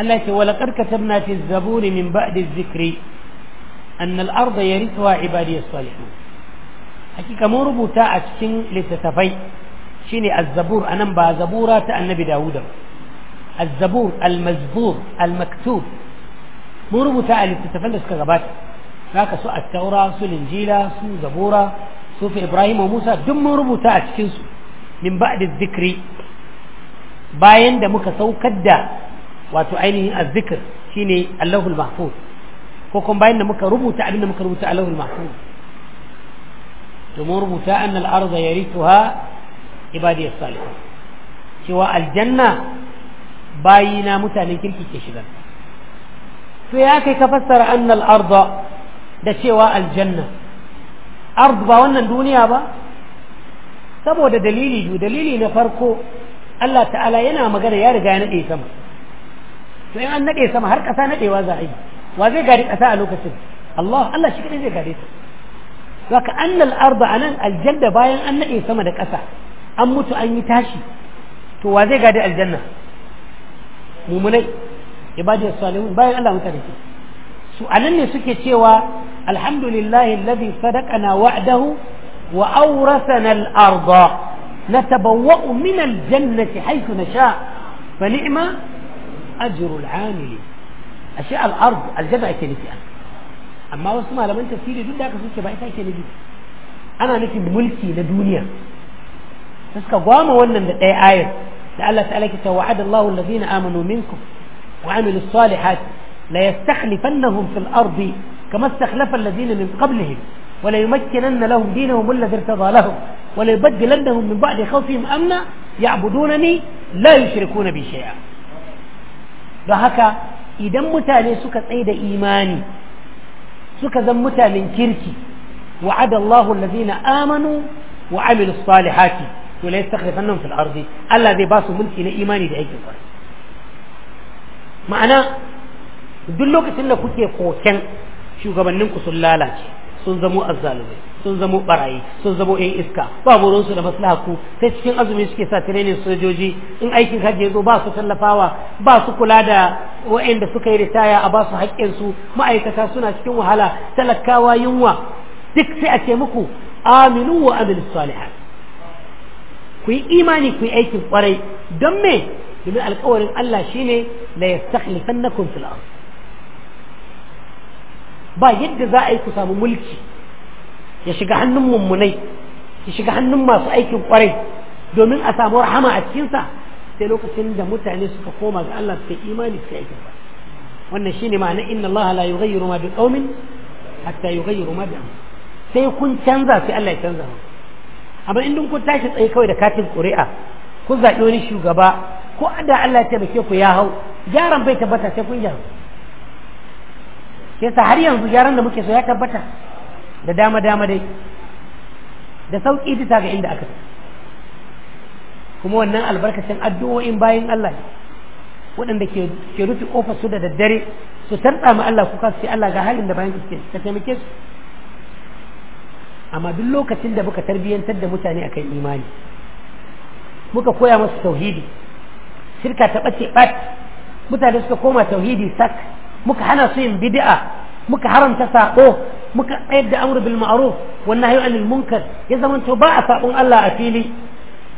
Allah ce wala kad katabna fi zaburi min ba'di zikri an al-ard yarithuha ibadi as-salihun hakika mun rubuta a cikin littattafai shine az-zabur anan ba zabura ta annabi Dawud az-zabur al-mazbur al-maktub mun rubuta a littattafan da suka gabata zaka su at-taura su linjila su zabura su fi Ibrahim wa Musa duk mun rubuta a cikin su bayan da muka saukar da wato ainihin azzikr shine Allahul Mahfuz ko kuma bayan da muka rubuta abin da muka rubuta Allahul Mahfuz to mun rubuta an al ya yarithuha ibadi ya salihun cewa aljanna bayina mutanen kirki ke shiga to ya kai ka fassara an al da cewa aljanna ard ba wannan duniya ba saboda dalili biyu dalili na farko Allah ta'ala yana magana ya riga ya nade sama to in an nade sama har kasa nadewa za a yi wa zai gari kasa a lokacin Allah Allah shi kadai zai gare ta zaka annal arda anan aljanna bayan an nade sama da kasa an mutu an yi tashi to wa zai gadi aljanna mumunai ibadiyar salihun bayan Allah muka dake su anan ne suke cewa alhamdulillahi alladhi sadaqana wa'dahu wa awrasana al-arda natabawwa'u min al-jannati haythu nasha fa ni'ma أجر العامل أشياء الأرض الجبع كنيتي أنا أما وصمة لما أنت تسير دون داك سوك جبع إساء كنيتي أنا نتي ملكي لدنيا بس كقوام ونن أي آية لألا سألك توعد الله الذين آمنوا منكم وعملوا الصالحات لا يستخلفنهم في الأرض كما استخلف الذين من قبلهم ولا يمكنن لهم دينهم الذي ارتضى لهم ولا يبدلنهم من بعد خوفهم أمنا يعبدونني لا يشركون بي شيئا don haka idan mutane suka tsaye da imani suka zan mutanen kirki wa'ada Allahu allazina amanu wa amilu salihati to la yastakhlifannahum fil ardi Allah zai ba su mulki na imani da aikin kwarai ma'ana duk lokacin da kuke koken shugabanninku sun lalace sun zamo azzalumai sun zamo barayi sun zamo yan iska ba burin su da maslaha ku sai cikin azumi suke sa training sojoji in aikin hajji yazo ba su tallafawa ba su kula da wa'anda suka yi ritaya a ba su haƙƙin su ma'aikata suna cikin wahala talakawa yunwa duk sai a ce muku aminu wa amil salihat ku yi imani ku yi aikin kwarai don me domin alkawarin Allah shine la yastakhlifannakum fil ardh ba yadda za a yi ku samu mulki ya shiga hannun mummunai ya shiga hannun masu aikin kwarai domin a samu rahama a cikinsa sai lokacin da mutane suka koma ga Allah suka imani suka aikin ba wannan shine ma'ana inna Allah la yughayyiru ma biqaumin hatta yughayyiru ma bi sai kun canza sai Allah ya canza mu amma in kun tashi tsaye kawai da katin ƙuri'a kun zaɓi wani shugaba ko da Allah ya taimake ku ya hau gyaran bai tabbata sai kun gyaru shi yasa har yanzu yaran da muke so ya tabbata da dama dama dai da sauƙi bisa ga inda aka kuma wannan albarkacin addu'o'in bayan Allah waɗanda ke rufe ƙofar su da daddare su tarɗa ma Allah kuka su ce Allah ga halin da bayan ke ka taimake su amma duk lokacin da muka tarbiyyantar da mutane akan imani muka koya masu tauhidi shirka ta ɓace ɓat mutane suka koma tauhidi sak muka hana su yin bid'a muka haramta sako muka tsayar da amru bil ma'ruf wa nahyi anil munkar ya zaman to ba a sabon Allah a fili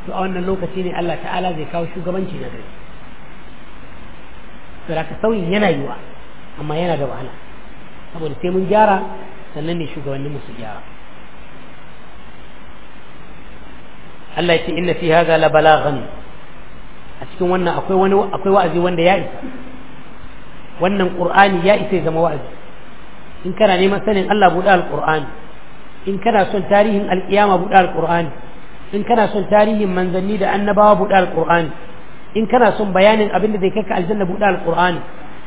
to a wannan lokaci ne Allah ta'ala zai kawo shugabanci na gari to da sauyin yana yiwa amma yana da wahala saboda sai mun gyara sannan ne shugabannin su gyara Allah ya inna fi hadha la balaghan a cikin wannan akwai wani akwai wa'azi wanda ya isa wannan qur'ani ya isa zama wa'azi in kana neman sanin Allah buɗe alqur'ani in kana son tarihin alkiyama buɗe alqur'ani in kana son tarihin manzanni da annabawa buɗe alqur'ani in kana son bayanin abin da zai kai ka aljanna buɗe alqur'ani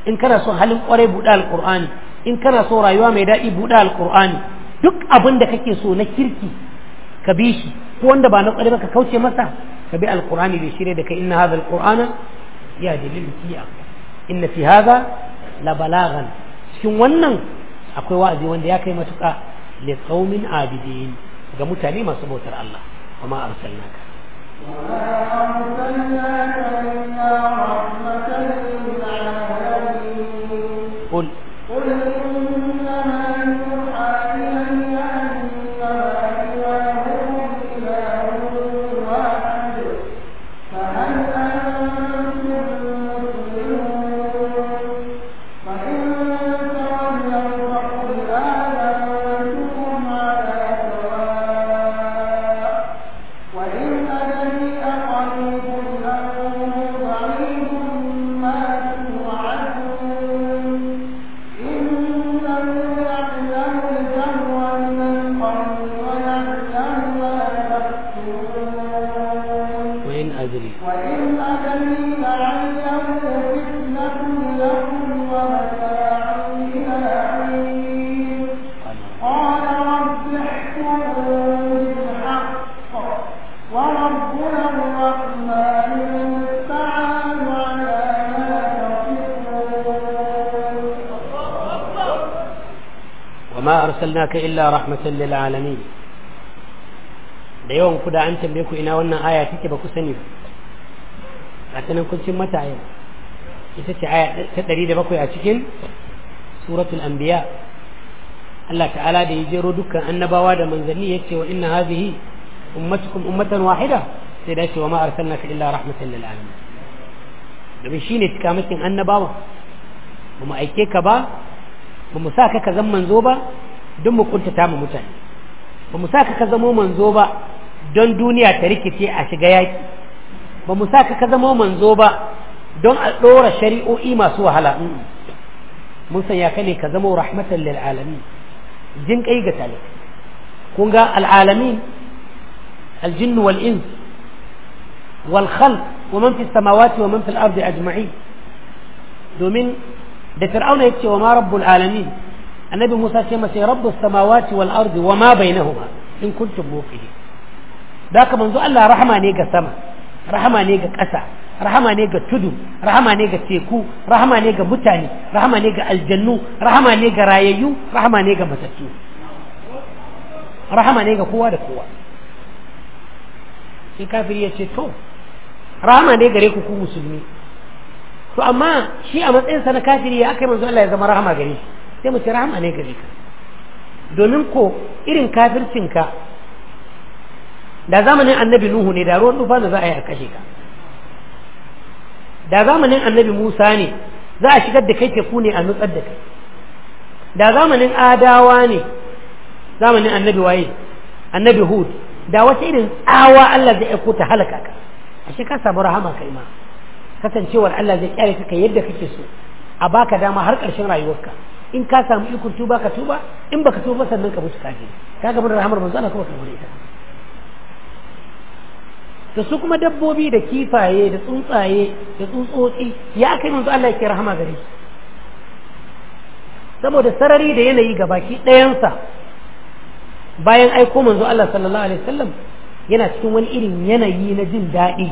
in kana son halin kwarai buɗe alqur'ani in kana son rayuwa mai daɗi buɗe alqur'ani duk abin da kake so na kirki ka bi shi ko wanda ba na kwarai ba ka kauce masa ka bi alqur'ani bai shirye da kai inna hadha alqur'ana ya dalilin kiyaye inna fi hadha la balagan cikin wannan akwai wa'azi wanda ya kai matuƙa li qaumin abidin ga mutane masu bautar Allah kuma arsalnaka wa ma arsalnaka illa rahmatan lil alamin وإن أدري وإن أدري لعله فتنة لكم ومتاع إلى حين قال رب احكم بالحق وربنا الرحمن المستعان على ما تصفون وما أرسلناك إلا رحمة للعالمين da yawan ku da an tambaye ku ina wannan aya take ba ku sani ba a tanan kun cin mata yau ita ce aya ta ɗari da bakwai a cikin suratul anbiya Allah ta'ala da ya jero dukkan annabawa da manzanni ce wa inna hadhihi ummatukum ummatan wahida sai da ce wa ma arsalnaka illa rahmatan lil alamin domin shine tikamakin annabawa ba mu aike ka ba ba mu sa ka ka zama manzo ba don mu kuntata mu mutane ba mu sa ka ka zamo manzo ba don duniya ta rikice a shiga yaki ba mu saka ka zama manzo ba don a ɗora shari'o'i masu wahala mun sanya ka ne ka zama rahmatan lil alamin jin kai ga talibai kun ga al alamin al jinn wal ins wal khalq wa man fi samawati wa man fil ardi ajma'in domin da fir'auna yace wa ma rabbul alamin annabi musa ce masa rabbus samawati wal ardi wa ma bainahuma in kuntum muqinin da haka manzo Allah rahama ne ga sama rahama ne ga ƙasa rahama ne ga tudu rahama ne ga teku rahama ne ga mutane rahama ne ga aljannu rahama ne ga rayayyu rahama ne ga matattu rahama ne ga kowa da kowa shi kafiri ya ce to rahama ne gare ku ku musulmi to amma shi a matsayin sa na kafiri ya aka manzo Allah ya zama rahama gare shi sai mu ce rahama ne gare ka domin ko irin kafircinka da zamanin annabi nuhu ne da ruwan tufa da za a yi a kashe ka da zamanin annabi musa ne za a shigar da kai teku ne a nutsar da kai da zamanin adawa ne zamanin annabi waye annabi hud da wata irin tsawa Allah zai aiko ta halaka ka ashe ka samu rahama kai ma kasancewar Allah zai kyare ka yadda kake so a baka dama har ƙarshen rayuwarka in ka samu ikon tuba ka tuba in baka tuba sannan ka mutu kafiri ka ga mun rahamar manzo Allah kuma ka gode ta da su kuma dabbobi da kifaye da tsuntsaye da tsuntsotsi ya kai manzo Allah yake rahama gare shi saboda sarari da yanayi ga baki ɗayansa bayan aiko manzo Allah sallallahu alaihi wasallam yana cikin wani irin yanayi na jin daɗi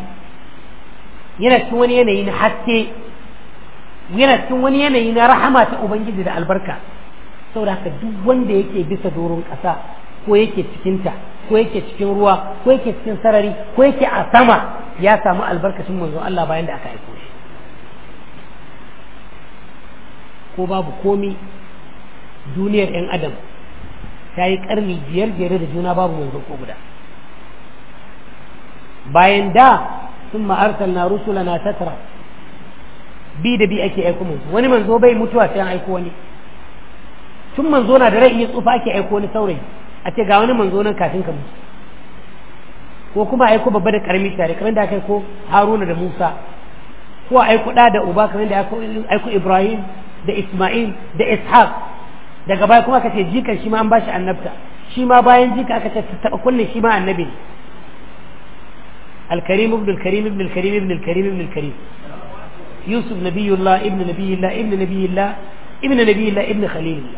yana cikin wani yanayi na haske yana cikin wani yanayi na rahama ta ubangiji da albarka saboda haka duk wanda yake bisa doron ƙasa ko yake cikinta ko yake cikin ruwa ko yake cikin sarari ko yake a sama ya samu albarkacin manzon Allah bayan da aka aiko shi ko babu komi duniyar ɗan adam ta yi ƙarni biyar biyar da juna babu manzo ko guda bayan da sun ma'artar na rusula na tatara bi da bi ake aiko manzo wani manzo bai mutuwa sai an aiko wani tun manzo na da rai iya tsufa ake aiko wani saurayi a ce ga wani manzo nan kafin ka mutu ko kuma aiko babba da karami tare kamar da aka ko haruna da musa ko aiko ɗa da uba kamar da aiko ibrahim da isma'il da ishaq daga baya kuma aka ce jikan shi ma an bashi annabta shi ma bayan jika aka ce taɓa kullun shi ma annabi الكريم ابن الكريم ابن الكريم ابن الكريم ابن الكريم يوسف نبي الله ابن نبي الله ابن نبي الله ابن نبي الله ابن خليل الله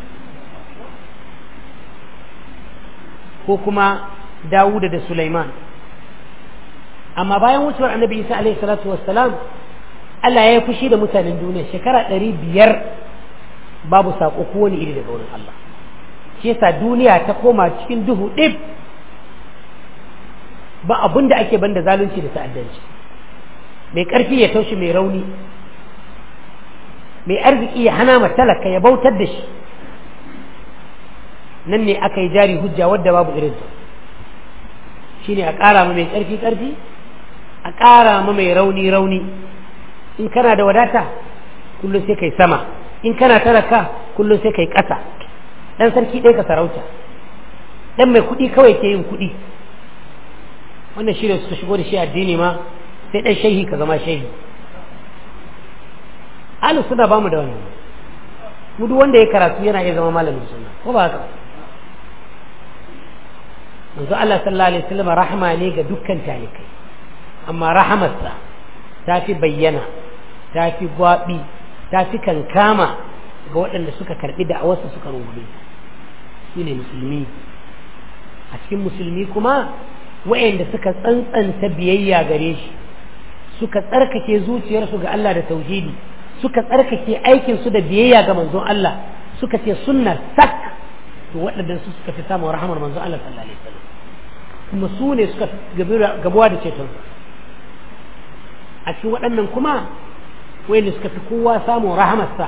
ko kuma Dawuda da Sulaiman amma bayan wucewar annabi Isa alaihi salatu wassalam Allah ya yi fushi da mutanen duniya shekara ɗari biyar babu saƙo wani iri daga wurin Allah shi yasa duniya ta koma cikin duhu ɗib ba abin da ake banda zalunci da ta'addanci mai ƙarfi ya taushe mai rauni mai arziki ya hana ma talaka ya bautar da shi nan ne aka yi jari hujja wadda babu irin ne a ƙara ma mai ƙarfi ƙarfi a ƙara ma mai rauni rauni in kana da wadata kullum sai kai sama in kana talaka kullum sai kai ƙasa ɗan sarki ɗaya ka sarauta ɗan mai kuɗi kawai ke yin kuɗi wannan shi ne su shigo da shi addini ma sai ɗan shehi ka zama shehi ahlus sunna ba mu da wannan mu duk wanda ya karatu yana iya zama malamin suna ko ba haka yanzu Allah sallallahu alaihi wasallam rahama ne ga dukkan talikai amma rahamarsa ta fi bayyana ta fi gwabi ta fi kankama ga waɗanda suka karɓi da awarsa suka rungume shi ne musulmi a cikin musulmi kuma waɗanda suka tsantsanta biyayya gare shi suka tsarkake zuciyarsu ga Allah da tauhidi suka tsarkake aikinsu da biyayya ga manzon Allah suka ce sunna sak to waɗannan su suka fi samun rahamar manzon Allah sallallahu alaihi wasallam kuma su ne suka gabuwa da ceton a cikin waɗannan kuma wayanda suka fi kowa samun rahamarsa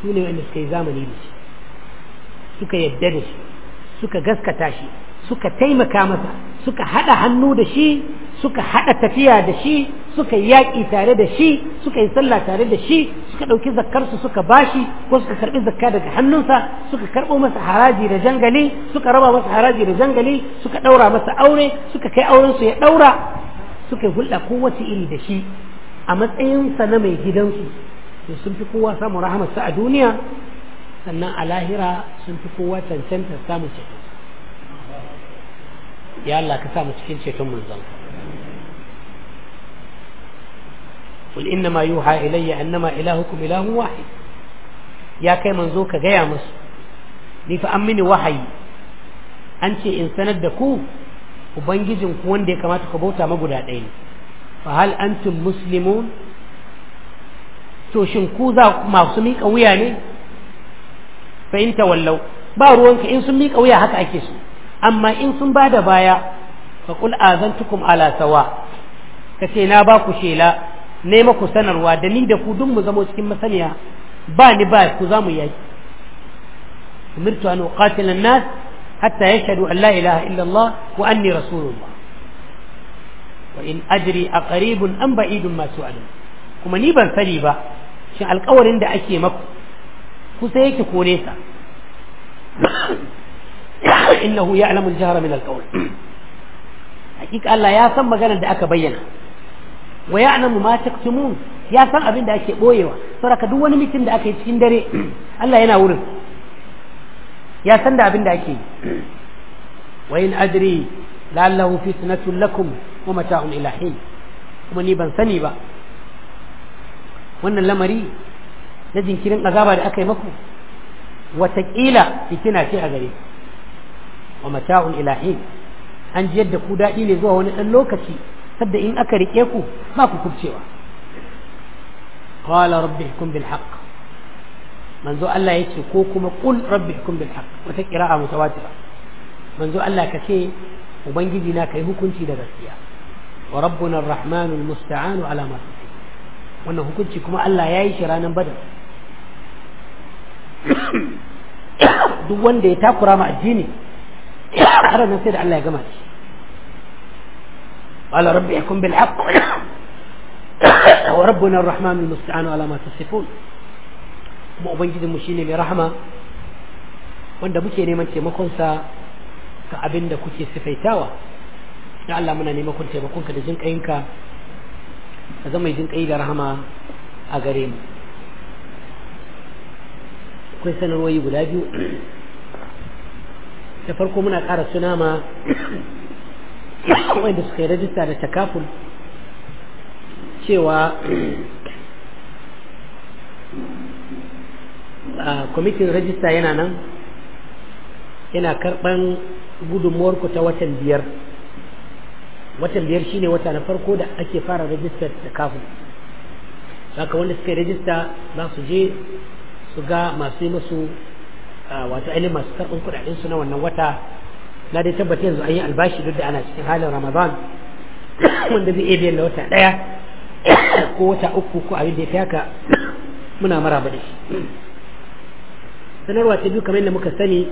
su ne wayanda suka yi zamani da shi suka yadda da shi suka gaskata shi suka taimaka masa suka haɗa hannu da shi suka haɗa tafiya da shi suka yi yaƙi tare da shi suka yi sallah tare da shi suka ɗauki zakkarsu suka bashi ko suka karɓi zakka daga hannunsa suka karɓo masa haraji da jangali suka raba masa haraji da jangali suka ɗaura masa aure suka kai aurensu ya ɗaura suka yi hulɗa kowace iri da shi a matsayinsa na mai gidansu to sun fi kowa samun rahamarsa a duniya sannan a lahira sun fi kowa cancantar samun ceton ya Allah ka samu cikin ceton manzon qul inna ma yuha ilayya annama ilahukum ilahun wahid ya kai manzo ka gaya musu ni fa an mini wahayi an ce in sanar da ku ubangijin ku wanda ya kamata ku bauta maguda ɗaya ne fa hal antum muslimun to shin ku za masu miƙa wuya ne fa in tawallau ba ruwanka in sun miƙa wuya haka ake so amma in sun ba da baya fa kulazan azantukum ala sawa kace na ba ku shela ne maku sanarwa da ni da ku duk mu zamo cikin masaniya ba ni ba ku za mu yaki umirtu an uqatila an-nas hatta yashhadu an la ilaha illa Allah wa anni rasulullah wa in ajri aqribun am ba'idun ma su'alun kuma ni ban sani ba shin alƙawarin da ake maku ku kusa yake ko nesa innahu ya'lamu al-jahra min al-qawl hakika Allah ya san maganar da aka bayyana wa ya'lamu ma taktumun ya san abin da ake boyewa saboda duk wani mutum da aka yi cikin dare Allah yana wurin ya san da abin da ake wa in adri la'allahu fitnatun lakum wa mata'un ila hin kuma ni ban sani ba wannan lamari na jinkirin azaba da aka yi maku watakila fitina ce a gare wa mata'un ila hin an ji da ku daɗi ne zuwa wani ɗan lokaci sadda in aka riƙe ku ba ku kubcewa qala rabbi hukum bil haqq manzo Allah yace ko kuma qul rabbi hukum bil haqq wata qira'a mutawatira manzo Allah ka ce ubangiji na kai hukunci da gaskiya wa rabbuna arrahmanul musta'anu ala ma wannan hukunci kuma Allah yayi shi ranan badar duk wanda ya takura ma addini har nan sai da Allah ya gama shi قال رب يحكم بالحق وربنا الرحمن المستعان على ما تصفون kuma ubangijinmu shine mai rahama wanda muke neman taimakonsa ga abin da kuke sifaitawa ya Allah muna neman kun taimakonka da jin kayinka ka zama jin kayi da rahama a gare mu akwai sanarwoyi guda biyu da farko muna ƙara sunama wanda suka yi rajista da takaful cewa a kwamitin rajista yana nan yana karɓan gudunmuwarku ta watan biyar watan biyar shine wata na farko da ake fara rajista da takaful haka wanda suka yi rajista za su je su ga masu yi masu wato ainihin masu karɓar kudaden su na wannan wata na dai tabbata yanzu an yi albashi duk da ana cikin halin ramadan wanda zai iya biyan da wata ɗaya ko wata uku ko abin da ya fi haka muna maraba da shi sanarwa ta biyu kamar yadda muka sani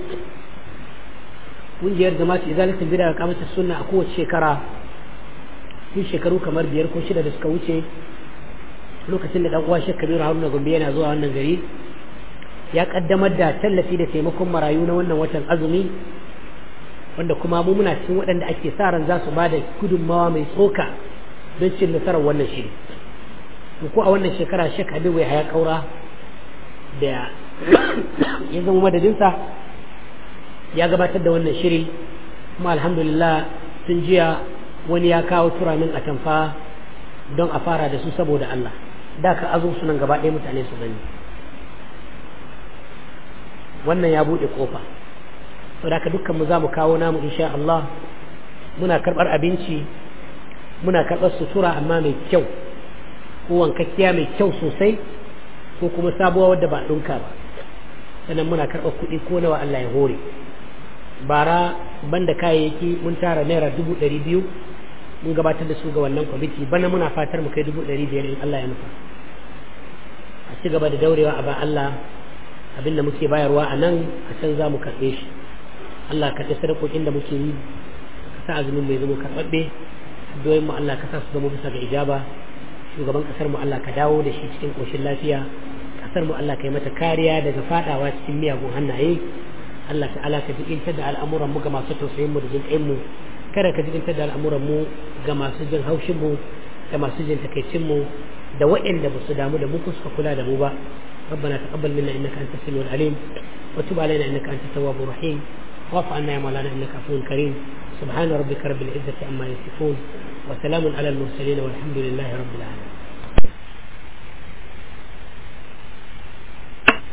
ƙungiyar jama'atu izalatul bid'a kamata sunna a kowace shekara tun shekaru kamar biyar ko shida da suka wuce lokacin da dan uwa kabir Kabiru Haruna Gombe yana zuwa wannan gari ya kaddamar da tallafi da taimakon marayu na wannan watan azumi wanda kuma mu muna cikin waɗanda ake sa ran za su ba da gudunmawa mai tsoka don cin nasarar wannan shiri ko a wannan shekara shek habibu ya kaura da ya zama madadinsa ya gabatar da wannan shiri kuma alhamdulillah tun jiya wani ya kawo turamin a tamfa don a fara da su saboda Allah da ka azo nan gaba ɗaya mutane su gani wannan ya buɗe kofa saboda dukkan mu za mu kawo namu insha Allah muna karɓar abinci muna karɓar sutura amma mai kyau ko wankakkiya mai kyau sosai ko kuma sabuwa wadda ba ɗinka ba sannan muna karɓar kuɗi ko nawa Allah ya hore bara banda kayayyaki mun tara naira dubu ɗari biyu mun gabatar da su ga wannan kwamiti bana muna fatar mu kai dubu ɗari biyar in Allah ya nufa a ci gaba da daurewa a ba Allah abin da muke bayarwa a nan a can za mu karɓe shi Allah ka ta sadakokin da muke yi sa azumin mai zama karɓaɓɓe doyin mu Allah ka sa su zama bisa ga ijaba shugaban kasar mu Allah ka dawo da shi cikin koshin lafiya kasar mu Allah ka yi mata kariya daga fadawa cikin miyagun hannaye Allah ta'ala ka jikinta da al'amuran mu ga masu tausayin mu da jin mu kada ka jikinta da al'amuran mu ga masu jin haushin mu da masu jin takaicin mu da waɗanda ba su damu da mu suka kula da mu ba ربنا تقبل منا انك انت السميع العليم وتب علينا انك انت التواب الرحيم واعف عنا يا مولانا انك عفو كريم سبحان ربك رب العزه عما يصفون وسلام على المرسلين والحمد لله رب العالمين